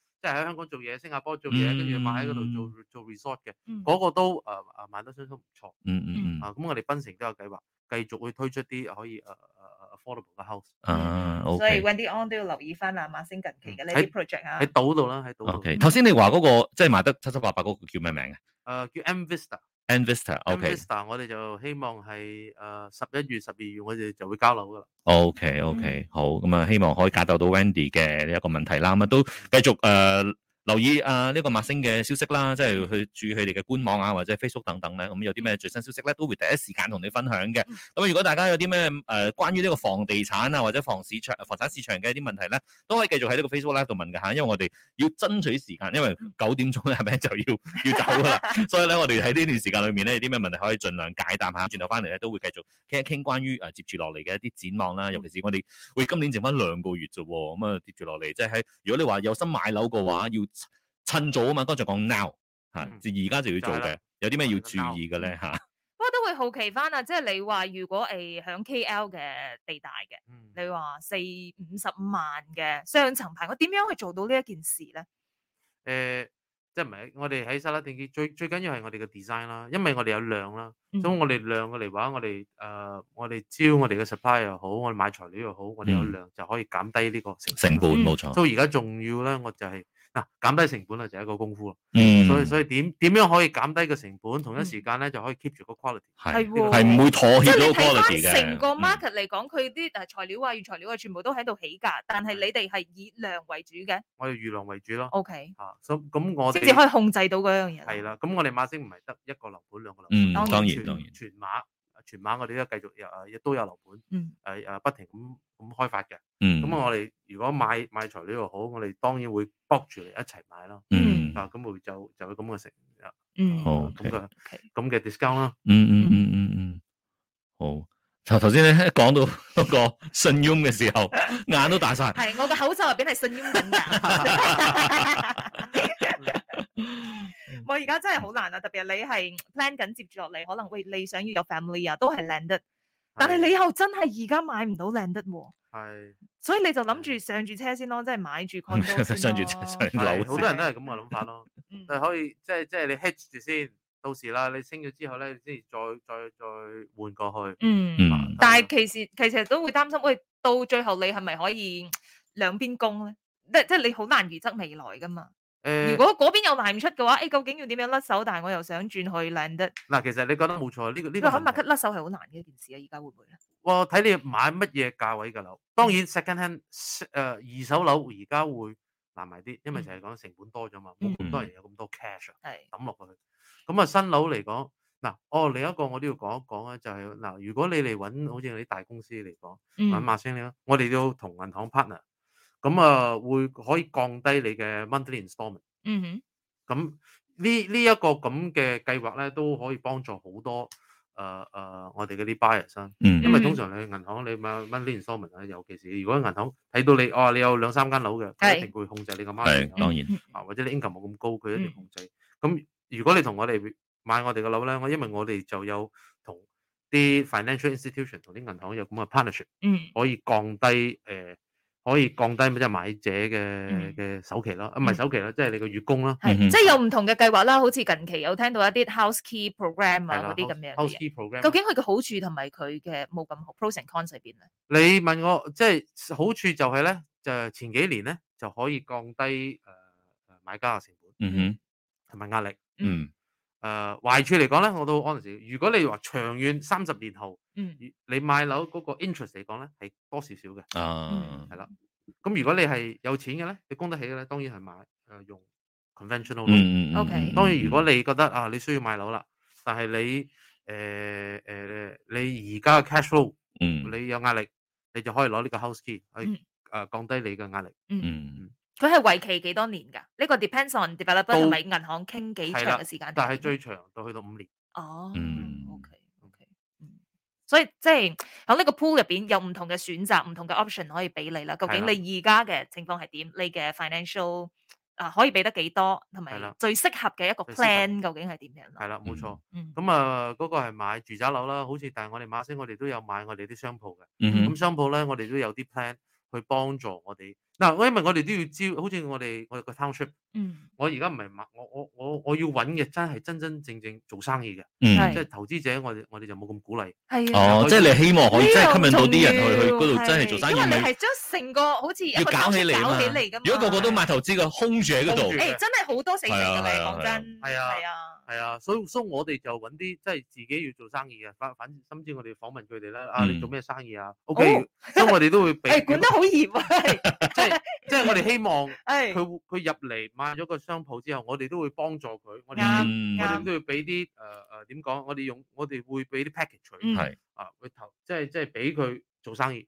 即係喺香港做嘢，新加坡做嘢，跟住買喺嗰度做做 resort 嘅，嗰個都誒誒賣得相當唔錯。嗯嗯啊，咁我哋檳城都有計劃，繼續會推出啲可以誒誒、uh, affordable 嘅 house。啊 okay，所以 Wendy On 都要留意返啦，馬星近期嘅呢啲、嗯、project 啊。喺島度啦，喺島度。頭先，okay, 你話嗰、那個即係賣得七七八八嗰個叫咩名嘅？誒、呃，叫 M Vista。Vista，OK，Vista，我哋就希望係，誒，十一月、十二月，我哋就會交樓噶啦。OK，OK，好，咁啊，希望可以解答到 Wendy 嘅呢一個問題啦。咁啊，都繼續誒。留意啊呢、這個馬星嘅消息啦，即、就、係、是、去注意佢哋嘅官網啊，或者 Facebook 等等咧，咁有啲咩最新消息咧，都會第一時間同你分享嘅。咁如果大家有啲咩誒關於呢個房地產啊或者房市場、房產市場嘅一啲問題咧，都可以繼續喺呢個 Facebook Live 度問㗎吓，因為我哋要爭取時間，因為九點鐘係咪就要要走噶啦， 所以咧我哋喺呢段時間裏面咧，有啲咩問題可以盡量解答下。轉頭翻嚟咧都會繼續傾一傾關於誒接住落嚟嘅一啲展望啦。尤其是我哋會今年剩翻兩個月啫，咁、嗯、啊接住落嚟，即、就、係、是、如果你話有心買樓嘅話，要趁早啊嘛，剛才講 now 吓、嗯，就而家就要做嘅，有啲咩要注意嘅咧吓？不過、嗯、 都會好奇翻啊，即係你話如果誒響 K.L 嘅地帶嘅，嗯、你話四五十萬嘅雙層排，我點樣去做到呢一件事咧？誒、呃，即係唔係，我哋喺沙拉定器最最緊要係我哋嘅 design 啦，因為我哋有量啦，咁、嗯、我哋量嘅嚟話，我哋誒、呃、我哋招我哋嘅 supply 又好，我哋買材料又好，我哋有量就可以減低呢個成成本冇錯、嗯。所以而家重要咧，我就係、是。嗱，減、啊、低成本啊，就係、一個功夫嗯所，所以所以點點樣可以減低個成本，同一時間咧、嗯、就可以 keep 住個 quality 係係唔會妥協到 quality 嘅。成個 market 嚟講，佢啲誒材料啊、原材料啊，全部都喺度起價，但係你哋係以量為主嘅。我要以量為主咯。O K。啊，咁咁我直接可以控制到嗰樣嘢。係啦，咁我哋馬星唔係得一個樓盤，兩個樓盤。嗯，當然全當然全。全馬。全晚我哋都繼續又啊，亦都有樓盤，誒誒，不停咁咁開發嘅。咁我哋如果買買材料又好，我哋當然會 book 住嚟一齊買咯。啊，咁咪就就咁嘅成，嗯，好咁嘅咁嘅 discount 啦。嗯嗯嗯嗯嗯，好。頭頭先咧講到嗰個信用嘅時候，眼都大曬。係，我個口罩入邊係信用嚟㗎。我而家真係好難啊，特別係你係 plan 緊接住落嚟，可能喂你想要有 family 啊的，都係 landed，但係你又真係而家買唔到 landed 喎。係，所以你就諗住上住車先咯，即、就、係、是、買住 con 上住車上樓，樓，好多人都係咁嘅諗法咯。嗯， 可以，即係即係你 hedge 住先，到時啦，你升咗之後咧，你先再再再換過去。嗯的但係其實其實都會擔心喂，到最後你係咪可以兩邊供咧？即即係你好難預測未來噶嘛。呃、如果嗰邊又賣唔出嘅話，誒、哎，究竟要點樣甩手？但係我又想轉去 land 得。嗱，其實你講得冇錯，呢、這個呢、這個肯擘甩手係好難嘅一件事啊！而家會唔會啊？我睇你買乜嘢價位嘅樓，當然 second hand 誒、嗯、二手樓而家會難賣啲，因為就係講成本多咗嘛，冇咁多人有咁多 cash 啊、嗯，抌落去。咁啊，新樓嚟講，嗱，哦，另一個我都要講一講啊，就係、是、嗱，如果你嚟搵，好似啲大公司嚟講，搵馬星你啦，我哋都同銀行 partner。咁啊，會可以降低你嘅 monthly installment。嗯哼、mm。咁呢呢一個咁嘅計劃咧，都可以幫助好多誒誒、呃呃，我哋嗰啲 buyers 生。嗯、hmm. 因為通常你去銀行，你買 monthly installment 咧，尤其是如果銀行睇到你，哦、啊，你有兩三間樓嘅，係是。一定會控制你嘅 monthly。當然。啊，或者你 income 冇咁高，佢一定控制。咁、mm hmm. 如果你同我哋買我哋嘅樓咧，我因為我哋就有同啲 financial institution 同啲銀行有咁嘅 partnership，嗯、mm，hmm. 可以降低誒。呃可以降低，咁即係買者嘅嘅、mm hmm. 首期咯，啊唔係首期咯，mm hmm. 即係你個月供啦。係、mm hmm. 以即係有唔同嘅計劃啦，好似近期有聽到一啲 House Key Program 啊嗰啲咁嘅。House Key Program、啊、究竟佢嘅好處同埋佢嘅冇咁好，Pros and Cons 喺邊咧？你問我即係、就是、好處就係咧，就係前幾年咧就可以降低誒、呃、買家嘅成本，嗯哼、mm，同埋壓力，嗯、mm，誒、hmm. 呃、壞處嚟講咧，我都安得時。如果你話長遠三十年後。嗯，你買樓嗰個 interest 嚟講咧，係多少少嘅，啊、嗯，係啦。咁如果你係有錢嘅咧，你供得起嘅咧，當然係買誒、呃、用 conventional 咯。嗯 OK，當然如果你覺得啊你需要買樓啦，但係你誒誒、呃呃、你而家嘅 cash flow，、嗯、你有壓力，你就可以攞呢個 house key 去誒、嗯呃、降低你嘅壓力。嗯佢係為期幾多年噶？呢、這個 depends on development 同埋銀行傾幾長嘅時間。但係最長就去到五年。哦，OK，OK，所以即係喺呢個 pool 入邊有唔同嘅選擇，唔同嘅 option 可以俾你啦。究竟你而家嘅情況係點？的你嘅 financial 啊可以俾得幾多，同埋最適合嘅一個 plan 究竟係點樣？係啦，冇錯。咁啊、嗯，嗰、那個係買住宅樓啦，好似但係我哋馬星，我哋都有買我哋啲商鋪嘅。咁、嗯、哼商鋪咧，我哋都有啲 plan 去幫助我哋。嗱，我因為我哋都要招，好似我哋我哋個 township，我而家唔係買，我我我我要揾嘅真係真真正正做生意嘅，即係投資者，我哋我哋就冇咁鼓勵。係啊，哦，即係你希望可以真係吸引到啲人去去嗰度，真係做生意。因為係將成個好似要搞起嚟嘛，如果個個都買投資嘅，空住喺嗰度。真係好多成員㗎，你講真。係啊係啊係啊，所以所以我哋就揾啲即係自己要做生意嘅，反反，甚至我哋訪問佢哋啦。啊，你做咩生意啊？O.K.，所以我哋都會係管得好嚴啊，即係。即係我哋希望，佢佢入嚟買咗個商鋪之後，我哋都會幫助佢，嗯呃，我哋我哋都要俾啲誒誒點講，我哋用我哋會俾啲 package，係、嗯、啊，投即係即係俾佢做生意，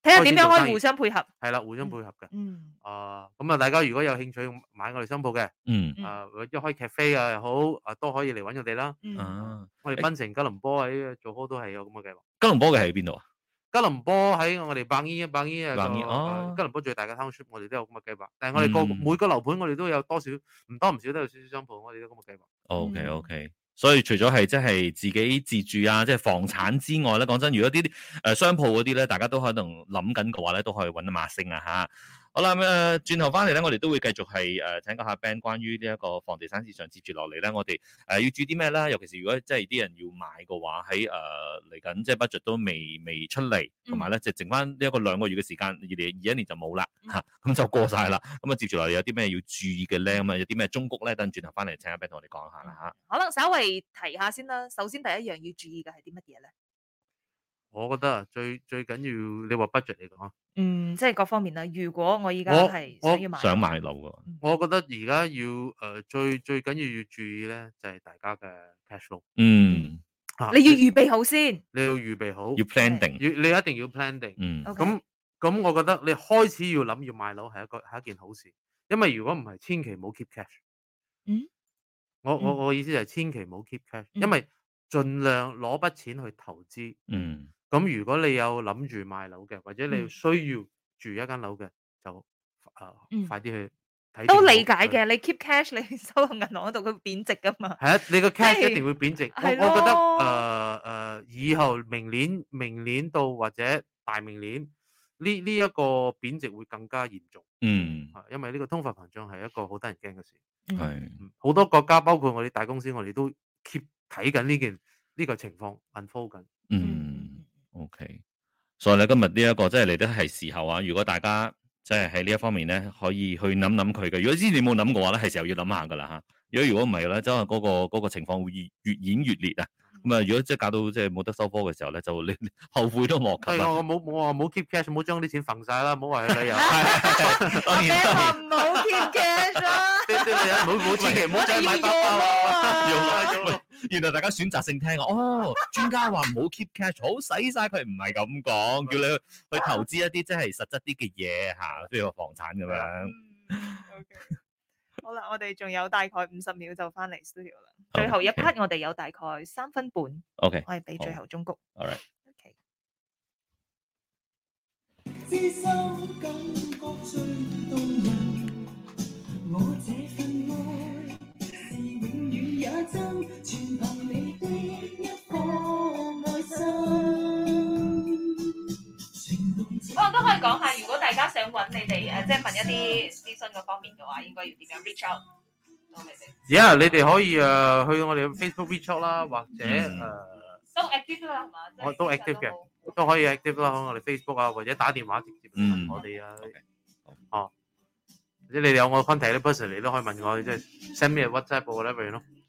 睇下點樣可以互相配合。係啦，互相配合嘅。啊、嗯，咁啊，大家如果有興趣買我哋商鋪嘅，嗯啊，一開 cafe 啊又好啊，都可以嚟揾我哋啦。嗯，我哋檳城吉隆坡喺做好都係有咁嘅計劃。吉隆坡嘅喺邊度啊？吉隆坡喺我哋百衣啊，百衣啊個吉隆坡最大嘅 township，我哋都有咁嘅計劃。但係我哋個、嗯、每個樓盤，我哋都有多少唔多唔少都有少少商鋪，我哋都咁嘅計劃。O K O K，所以除咗係即係自己自住啊，即係房產之外咧，講真，如果啲啲誒商鋪嗰啲咧，大家都可能諗緊嘅話咧，都可以揾一馬星啊吓。好啦咁啊，轉頭翻嚟咧，我哋都會繼續係誒，請教下 Ben 關於呢一個房地產市場接住落嚟咧，我哋誒要注意啲咩咧？尤其是如果即係啲人要買嘅話，喺誒嚟緊即係 budget 都未未出嚟，同埋咧就剩翻呢一個兩個月嘅時間，二年二一年就冇啦吓，咁、嗯、就過晒啦。咁啊、嗯，接住落嚟有啲咩要注意嘅咧？咁啊，有啲咩忠告咧？等轉頭翻嚟，請阿 Ben 同我哋講下啦吓。可能稍微提下先啦，首先第一樣要注意嘅係啲乜嘢咧？我覺得最最緊要，你話 budget 嚟講，嗯，即係各方面啦。如果我而家係想買，想買樓嘅，我覺得而家要誒最最緊要要注意咧，就係大家嘅 cash flow。嗯，你要預備好先，你要預備好，要 planning，要你一定要 planning。嗯，咁咁，我覺得你開始要諗要買樓係一個係一件好事，因為如果唔係，千祈唔好 keep cash。嗯，我我我嘅意思就係千祈唔好 keep cash，因為盡量攞筆錢去投資。嗯。咁如果你有諗住賣樓嘅，或者你需要住一間樓嘅，就誒快啲去睇。都理解嘅，你 keep cash，你收喺銀行度，佢貶值噶嘛？係啊，你個 cash 一定會貶值。我我覺得誒誒，以後明年、明年到或者大明年，呢呢一個貶值會更加嚴重。嗯，因為呢個通貨膨脹係一個好得人驚嘅事。係，好多國家包括我哋大公司，我哋都 keep 睇緊呢件呢個情況，unfold 緊。嗯。O K，所以咧今日呢一個真係嚟得係時候啊！如果大家即係喺呢一方面咧，可以去諗諗佢嘅。如果之前冇諗嘅話咧，係時候要諗下噶啦吓。如果如果唔係咧，真係嗰個嗰個情況會越演越烈啊！咁啊，如果即係搞到即係冇得收科嘅時候咧，就你後悔都莫及啦。我冇冇話冇 keep cash，冇將啲錢分晒啦，冇話去旅遊。當然。話唔好 keep cash 啦，唔好唔好千祈唔好再買包包啦。原來大家選擇性聽啊！哦，專 家話唔好 keep cash 好使晒。佢，唔係咁講，叫你去， 去投資一啲即係實質啲嘅嘢嚇，譬如個房產咁樣。嗯 okay. 好啦，我哋仲有大概五十秒就翻嚟 studio 啦。Okay，最後一 part okay. 我哋有大概三分半。O K，我哋俾最後終局。okay. All right Okay.。 啊、我都可以講下，如果大家想揾你哋誒，即、啊、係、就是、問一啲諮詢嗰方面嘅話，應該要點樣 reach out 到你哋？而家你哋可以誒、呃、去我哋 Facebook reach out 啦，或者誒、嗯啊、都 active 啦係嘛？我都，都 active 嘅，都可以 active 啦。我哋 Facebook 啊，或者打電話直接問、嗯、我哋啊。哦，或者你有我 contact 的 person，好你都可以問我，即、就、係、是、send me WhatsApp 咯。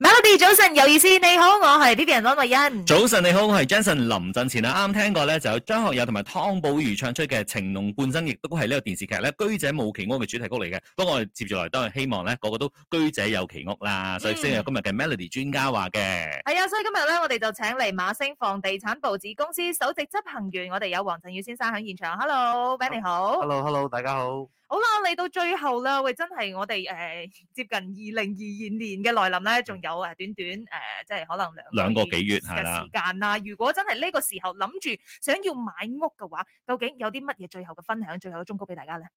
Melody 早晨，有意思，你好，我係呢啲人安慧欣。早晨，你好，我係 Jason。臨陣前啊，啱聽過咧，就有張學友同埋湯寶如唱出嘅《情濃半生》，亦都係呢個電視劇咧《居者冇其屋》嘅主題曲嚟嘅。不過我哋接住嚟都係希望咧，個個都居者有其屋啦。所以先係今日嘅 Melody 專家話嘅。係啊、嗯，所以今日咧，我哋就請嚟馬星房地產部子公司首席執行員，我哋有王振榆先生喺現場。Hello，Benny 好。Hello，Hello，hello, hello, 大家好。好啦，嚟到最後啦，喂，真係我哋、呃、接近二零二二年嘅來臨咧，仲有短短即係、呃、可能兩個幾月嘅時間啦。如果真係呢個時候諗住想要買屋嘅話，究竟有啲乜嘢最後嘅分享、最後嘅忠告俾大家咧、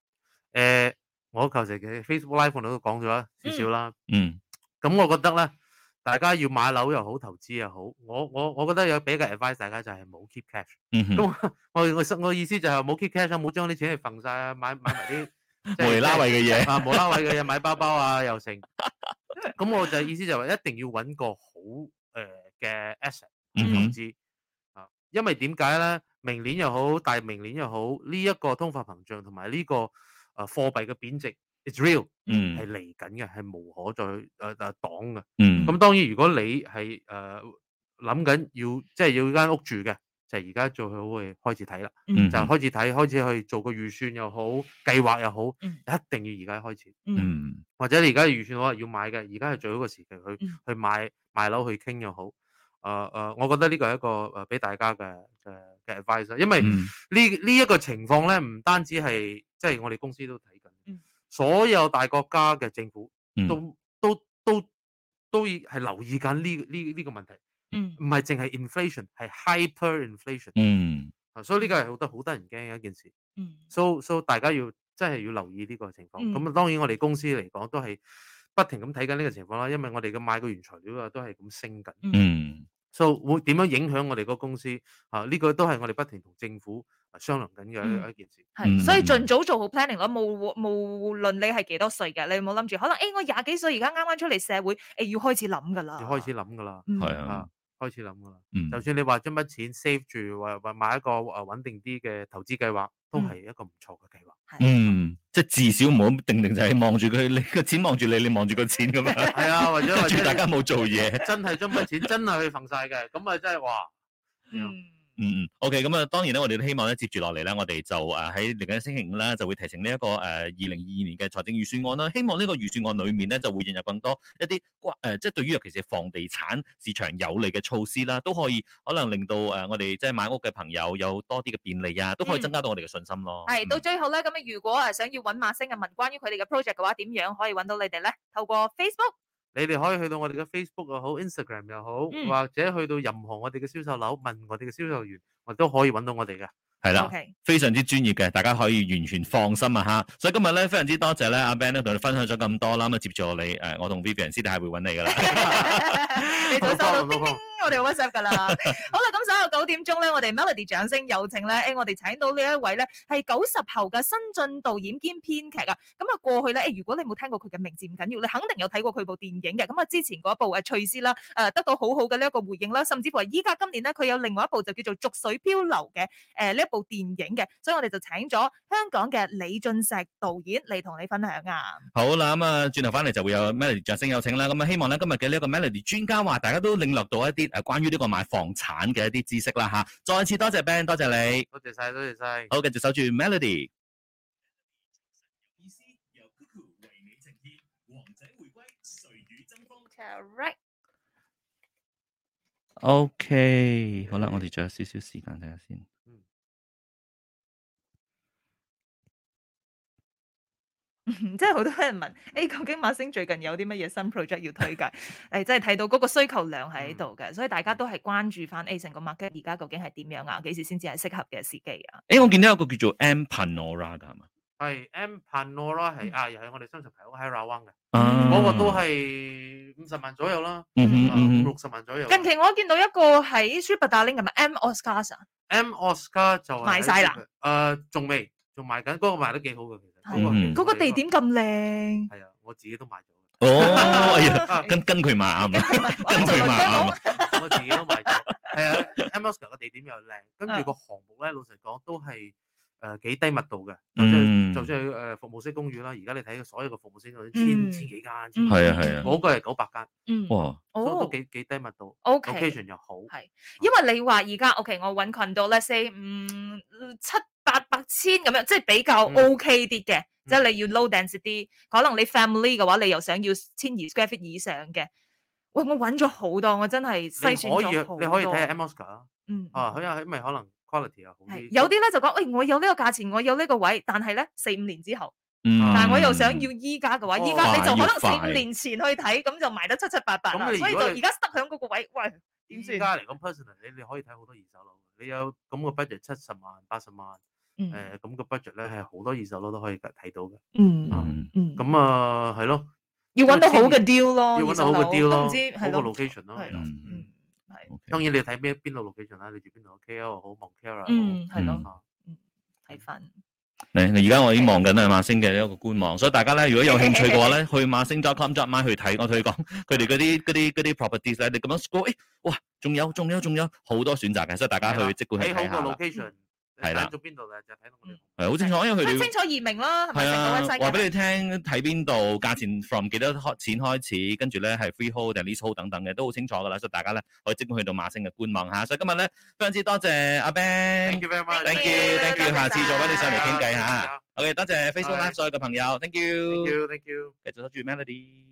呃？我求其喺 Facebook Live 度都講咗少少啦。嗯，咁、嗯、我覺得咧，大家要買樓又好，投資又好，我我我覺得有比較 advice 大家就係冇 keep cash。咁、嗯、哼我我我意思就係冇 keep cash，冇將啲錢去瞓晒，啊，買買埋啲。無拉位嘅嘢啊，無拉位嘅嘢，買包包啊又剩，咁我就意思就話，一定要揾個好誒嘅 asset 投資啊，因為點解咧？明年又好，大明年又好，呢一個通貨膨脹同埋呢個誒貨幣嘅貶值，It's real，係嚟緊嘅，係無可再誒擋嘅。咁當然，如果你係誒諗緊要，即係要間屋住嘅。就而家最好會開始睇啦，嗯、就開始睇，開始去做個預算又好，計劃又好，一定要而家開始。嗯、或者你而家預算好啊，要買嘅，而家係最好個時期去、嗯、去買賣樓去傾又好。誒、呃、誒，我覺得呢個係一個誒俾大家嘅嘅嘅 advice，因為呢呢一個情況咧，唔單止係即係我哋公司都睇緊，所有大國家嘅政府都、嗯、都都都係留意緊呢呢呢個問題。唔係淨係 inflation，係 hyperinflation。Ation, hy 嗯，啊，所以呢個係覺得好得人驚嘅一件事。嗯，so so 大家要真係要留意呢個情況。咁啊、嗯，當然我哋公司嚟講都係不停咁睇緊呢個情況啦。因為我哋嘅買個原材料啊都係咁升緊。嗯，so 會點樣影響我哋個公司？啊，呢、呢個都係我哋不停同政府啊商量緊嘅一件事。係、嗯，所以盡早做好 planning 咯。無無論你係幾多歲嘅，你冇諗住，可能誒、欸、我廿幾歲而家啱啱出嚟社會，誒要開始諗㗎啦。要開始諗㗎啦。係、嗯、啊。開始諗噶啦，嗯，就算你話將筆錢 save 住，或或買一個誒穩定啲嘅投資計劃，都係一個唔錯嘅計劃，係、嗯，的嗯，即係至少唔好定定就係望住佢，你個錢望住你，你望住個錢咁樣，係啊，為咗為大家冇做嘢， 真係將筆錢真係去馴晒嘅，咁啊 真係話，嗯。嗯嗯，OK，咁啊，當然咧，我哋都希望咧，接住落嚟咧，我哋就喺嚟緊星期五啦就會提呈呢一個誒二零二二年嘅財政預算案啦。希望呢個預算案裏面咧，就會引入更多一啲關誒即係對於尤其是房地產市場有利嘅措施啦，都可以可能令到誒我哋即係買屋嘅朋友有多啲嘅便利啊，都可以增加到我哋嘅信心咯、嗯。係、嗯、到最後咧，咁啊，如果想要揾馬星人問關於佢哋嘅 project 嘅話，點樣可以揾到你哋咧？透過 Facebook。你哋可以去到我哋嘅 Facebook 又好，Instagram 又好，好嗯、或者去到任何我哋嘅銷售樓，問我哋嘅銷售員，我哋都可以揾到我哋嘅，係啦的，Okay. 非常之專業嘅，大家可以完全放心啊吓。所以今日咧，非常之多謝咧，阿 Ben 咧同你分享咗咁多啦，咁啊，接住你，誒，我同 Vivian 師弟係會揾你噶啦。收到叮叮，收 我哋 WhatsApp 噶啦， 好啦，咁所有九點鐘咧，我哋 Melody 掌聲有請咧，誒，我哋請到呢一位咧，係九十後嘅新晉導演兼編劇啊，咁啊過去咧，誒，如果你冇聽過佢嘅名字唔緊要，你肯定有睇過佢部電影嘅，咁、嗯、啊之前嗰部啊《翠絲》啦，誒，得到很好好嘅呢一個回應啦，甚至乎依家今年咧，佢有另外一部就叫做《濁水漂流》嘅，誒、呃、呢一部電影嘅，所以我哋就請咗香港嘅李俊石導演嚟同你分享啊。好啦，咁啊轉頭翻嚟就會有 Melody 掌聲有請啦，咁、嗯、啊希望咧今日嘅呢一個 Melody 專家話，大家都領略到一啲。誒，關於呢個買房產嘅一啲知識啦吓，再次多謝 Ben，多謝你，多謝晒，多謝晒。好，繼續守住 Melody。由 Coco 為你呈現，王者回歸，誰與爭鋒。Okay，right，okay，、嗯嗯嗯、好啦，我哋仲有少少時間睇下先。即係好多人問，誒、哎、究竟馬星最近有啲乜嘢新 project 要推介？誒、 哎、即係睇到嗰個需求量喺度嘅，所以大家都係關注翻 A 成個 market 而家究竟係點樣啊？幾時先至係適合嘅時機啊？誒、哎，我見到有個叫做 M Panora 係嘛？係 M Panora 係、嗯、啊，又係我哋三十平方米 Rawang 嘅，嗰、啊、個都係五十萬左右啦，六十萬左右。近期我見到一個喺 Super Darling 同埋 M Oscar 啊，M Oscar 就買、呃、賣晒啦，誒仲未仲賣緊，嗰個賣得幾好嘅。嗰個嗰個地點咁靚，係啊，我自己都買咗。哦，跟跟佢買啊嘛，跟佢買啊嘛，我自己都買咗。係啊，MOSCA 嘅地點又靚，跟住個項目咧，老實講都係誒幾低密度嘅。嗯，就算係誒服務式公寓啦，而家你睇嘅所有嘅服務式公寓，千千幾間，係啊係啊，我嗰個係九百間。嗯，哇，哦，都幾幾低密度。O K。個 location 又好。係，因為你話而家 O K，我揾群到，咧四五七。八百千咁樣，即係比較 OK 啲嘅。嗯、即係你要 low density 可能你 family 嘅話，你又想要千二 square feet 以上嘅喂、哎，我揾咗好多，我真係篩選，你可以你可以睇下 M Oscar 啦，啊，佢又係咪可能 quality 啊，有啲咧就講，喂、哎，我有呢個價錢，我有呢個位，但係咧四五年之後，嗯、但係我又想要依家嘅話，依家哇你就可能四五年前去睇，咁就賣得七七八八，所以就而家得響嗰個位，喂，依家嚟講 personally，你你可以睇好多二手樓，你有咁個 budget 七十萬八十萬。誒，咁個 budget 咧係好多二手樓都可以睇到嘅。嗯嗯，咁啊係咯，要揾到好嘅 deal 咯，要揾到好嘅 deal 咯，好個 location 咯，係咯，嗯係。當然你睇咩邊度 location 啦，你住邊度？K o O 好望 Kara，係咯，睇翻。而家我已經望緊啦，馬星嘅一個官網，所以大家咧如果有興趣嘅話咧，去馬星 d o p come d o p 去睇。我同你講，佢哋嗰啲啲啲 properties 你咁樣 s c o l l 哇，仲有仲有仲有好多選擇嘅，所以大家去即管去睇下。係啦，做邊度嘅就睇到邊度。係好清楚，因為佢好清楚易明咯，係咪？係啊，話俾你聽睇邊度，價錢 from 幾多錢開始，跟住咧係 freehold 定 leasehold 等等嘅，都好清楚噶啦，所以大家咧可以即管去到馬星嘅官網吓。所以今日咧非常之多謝阿 Ben，thank you，thank you，下次再俾你上嚟傾偈吓。OK，多謝 Facebook 所有嘅朋友，thank you，thank you，thank you。繼續守住 Melody。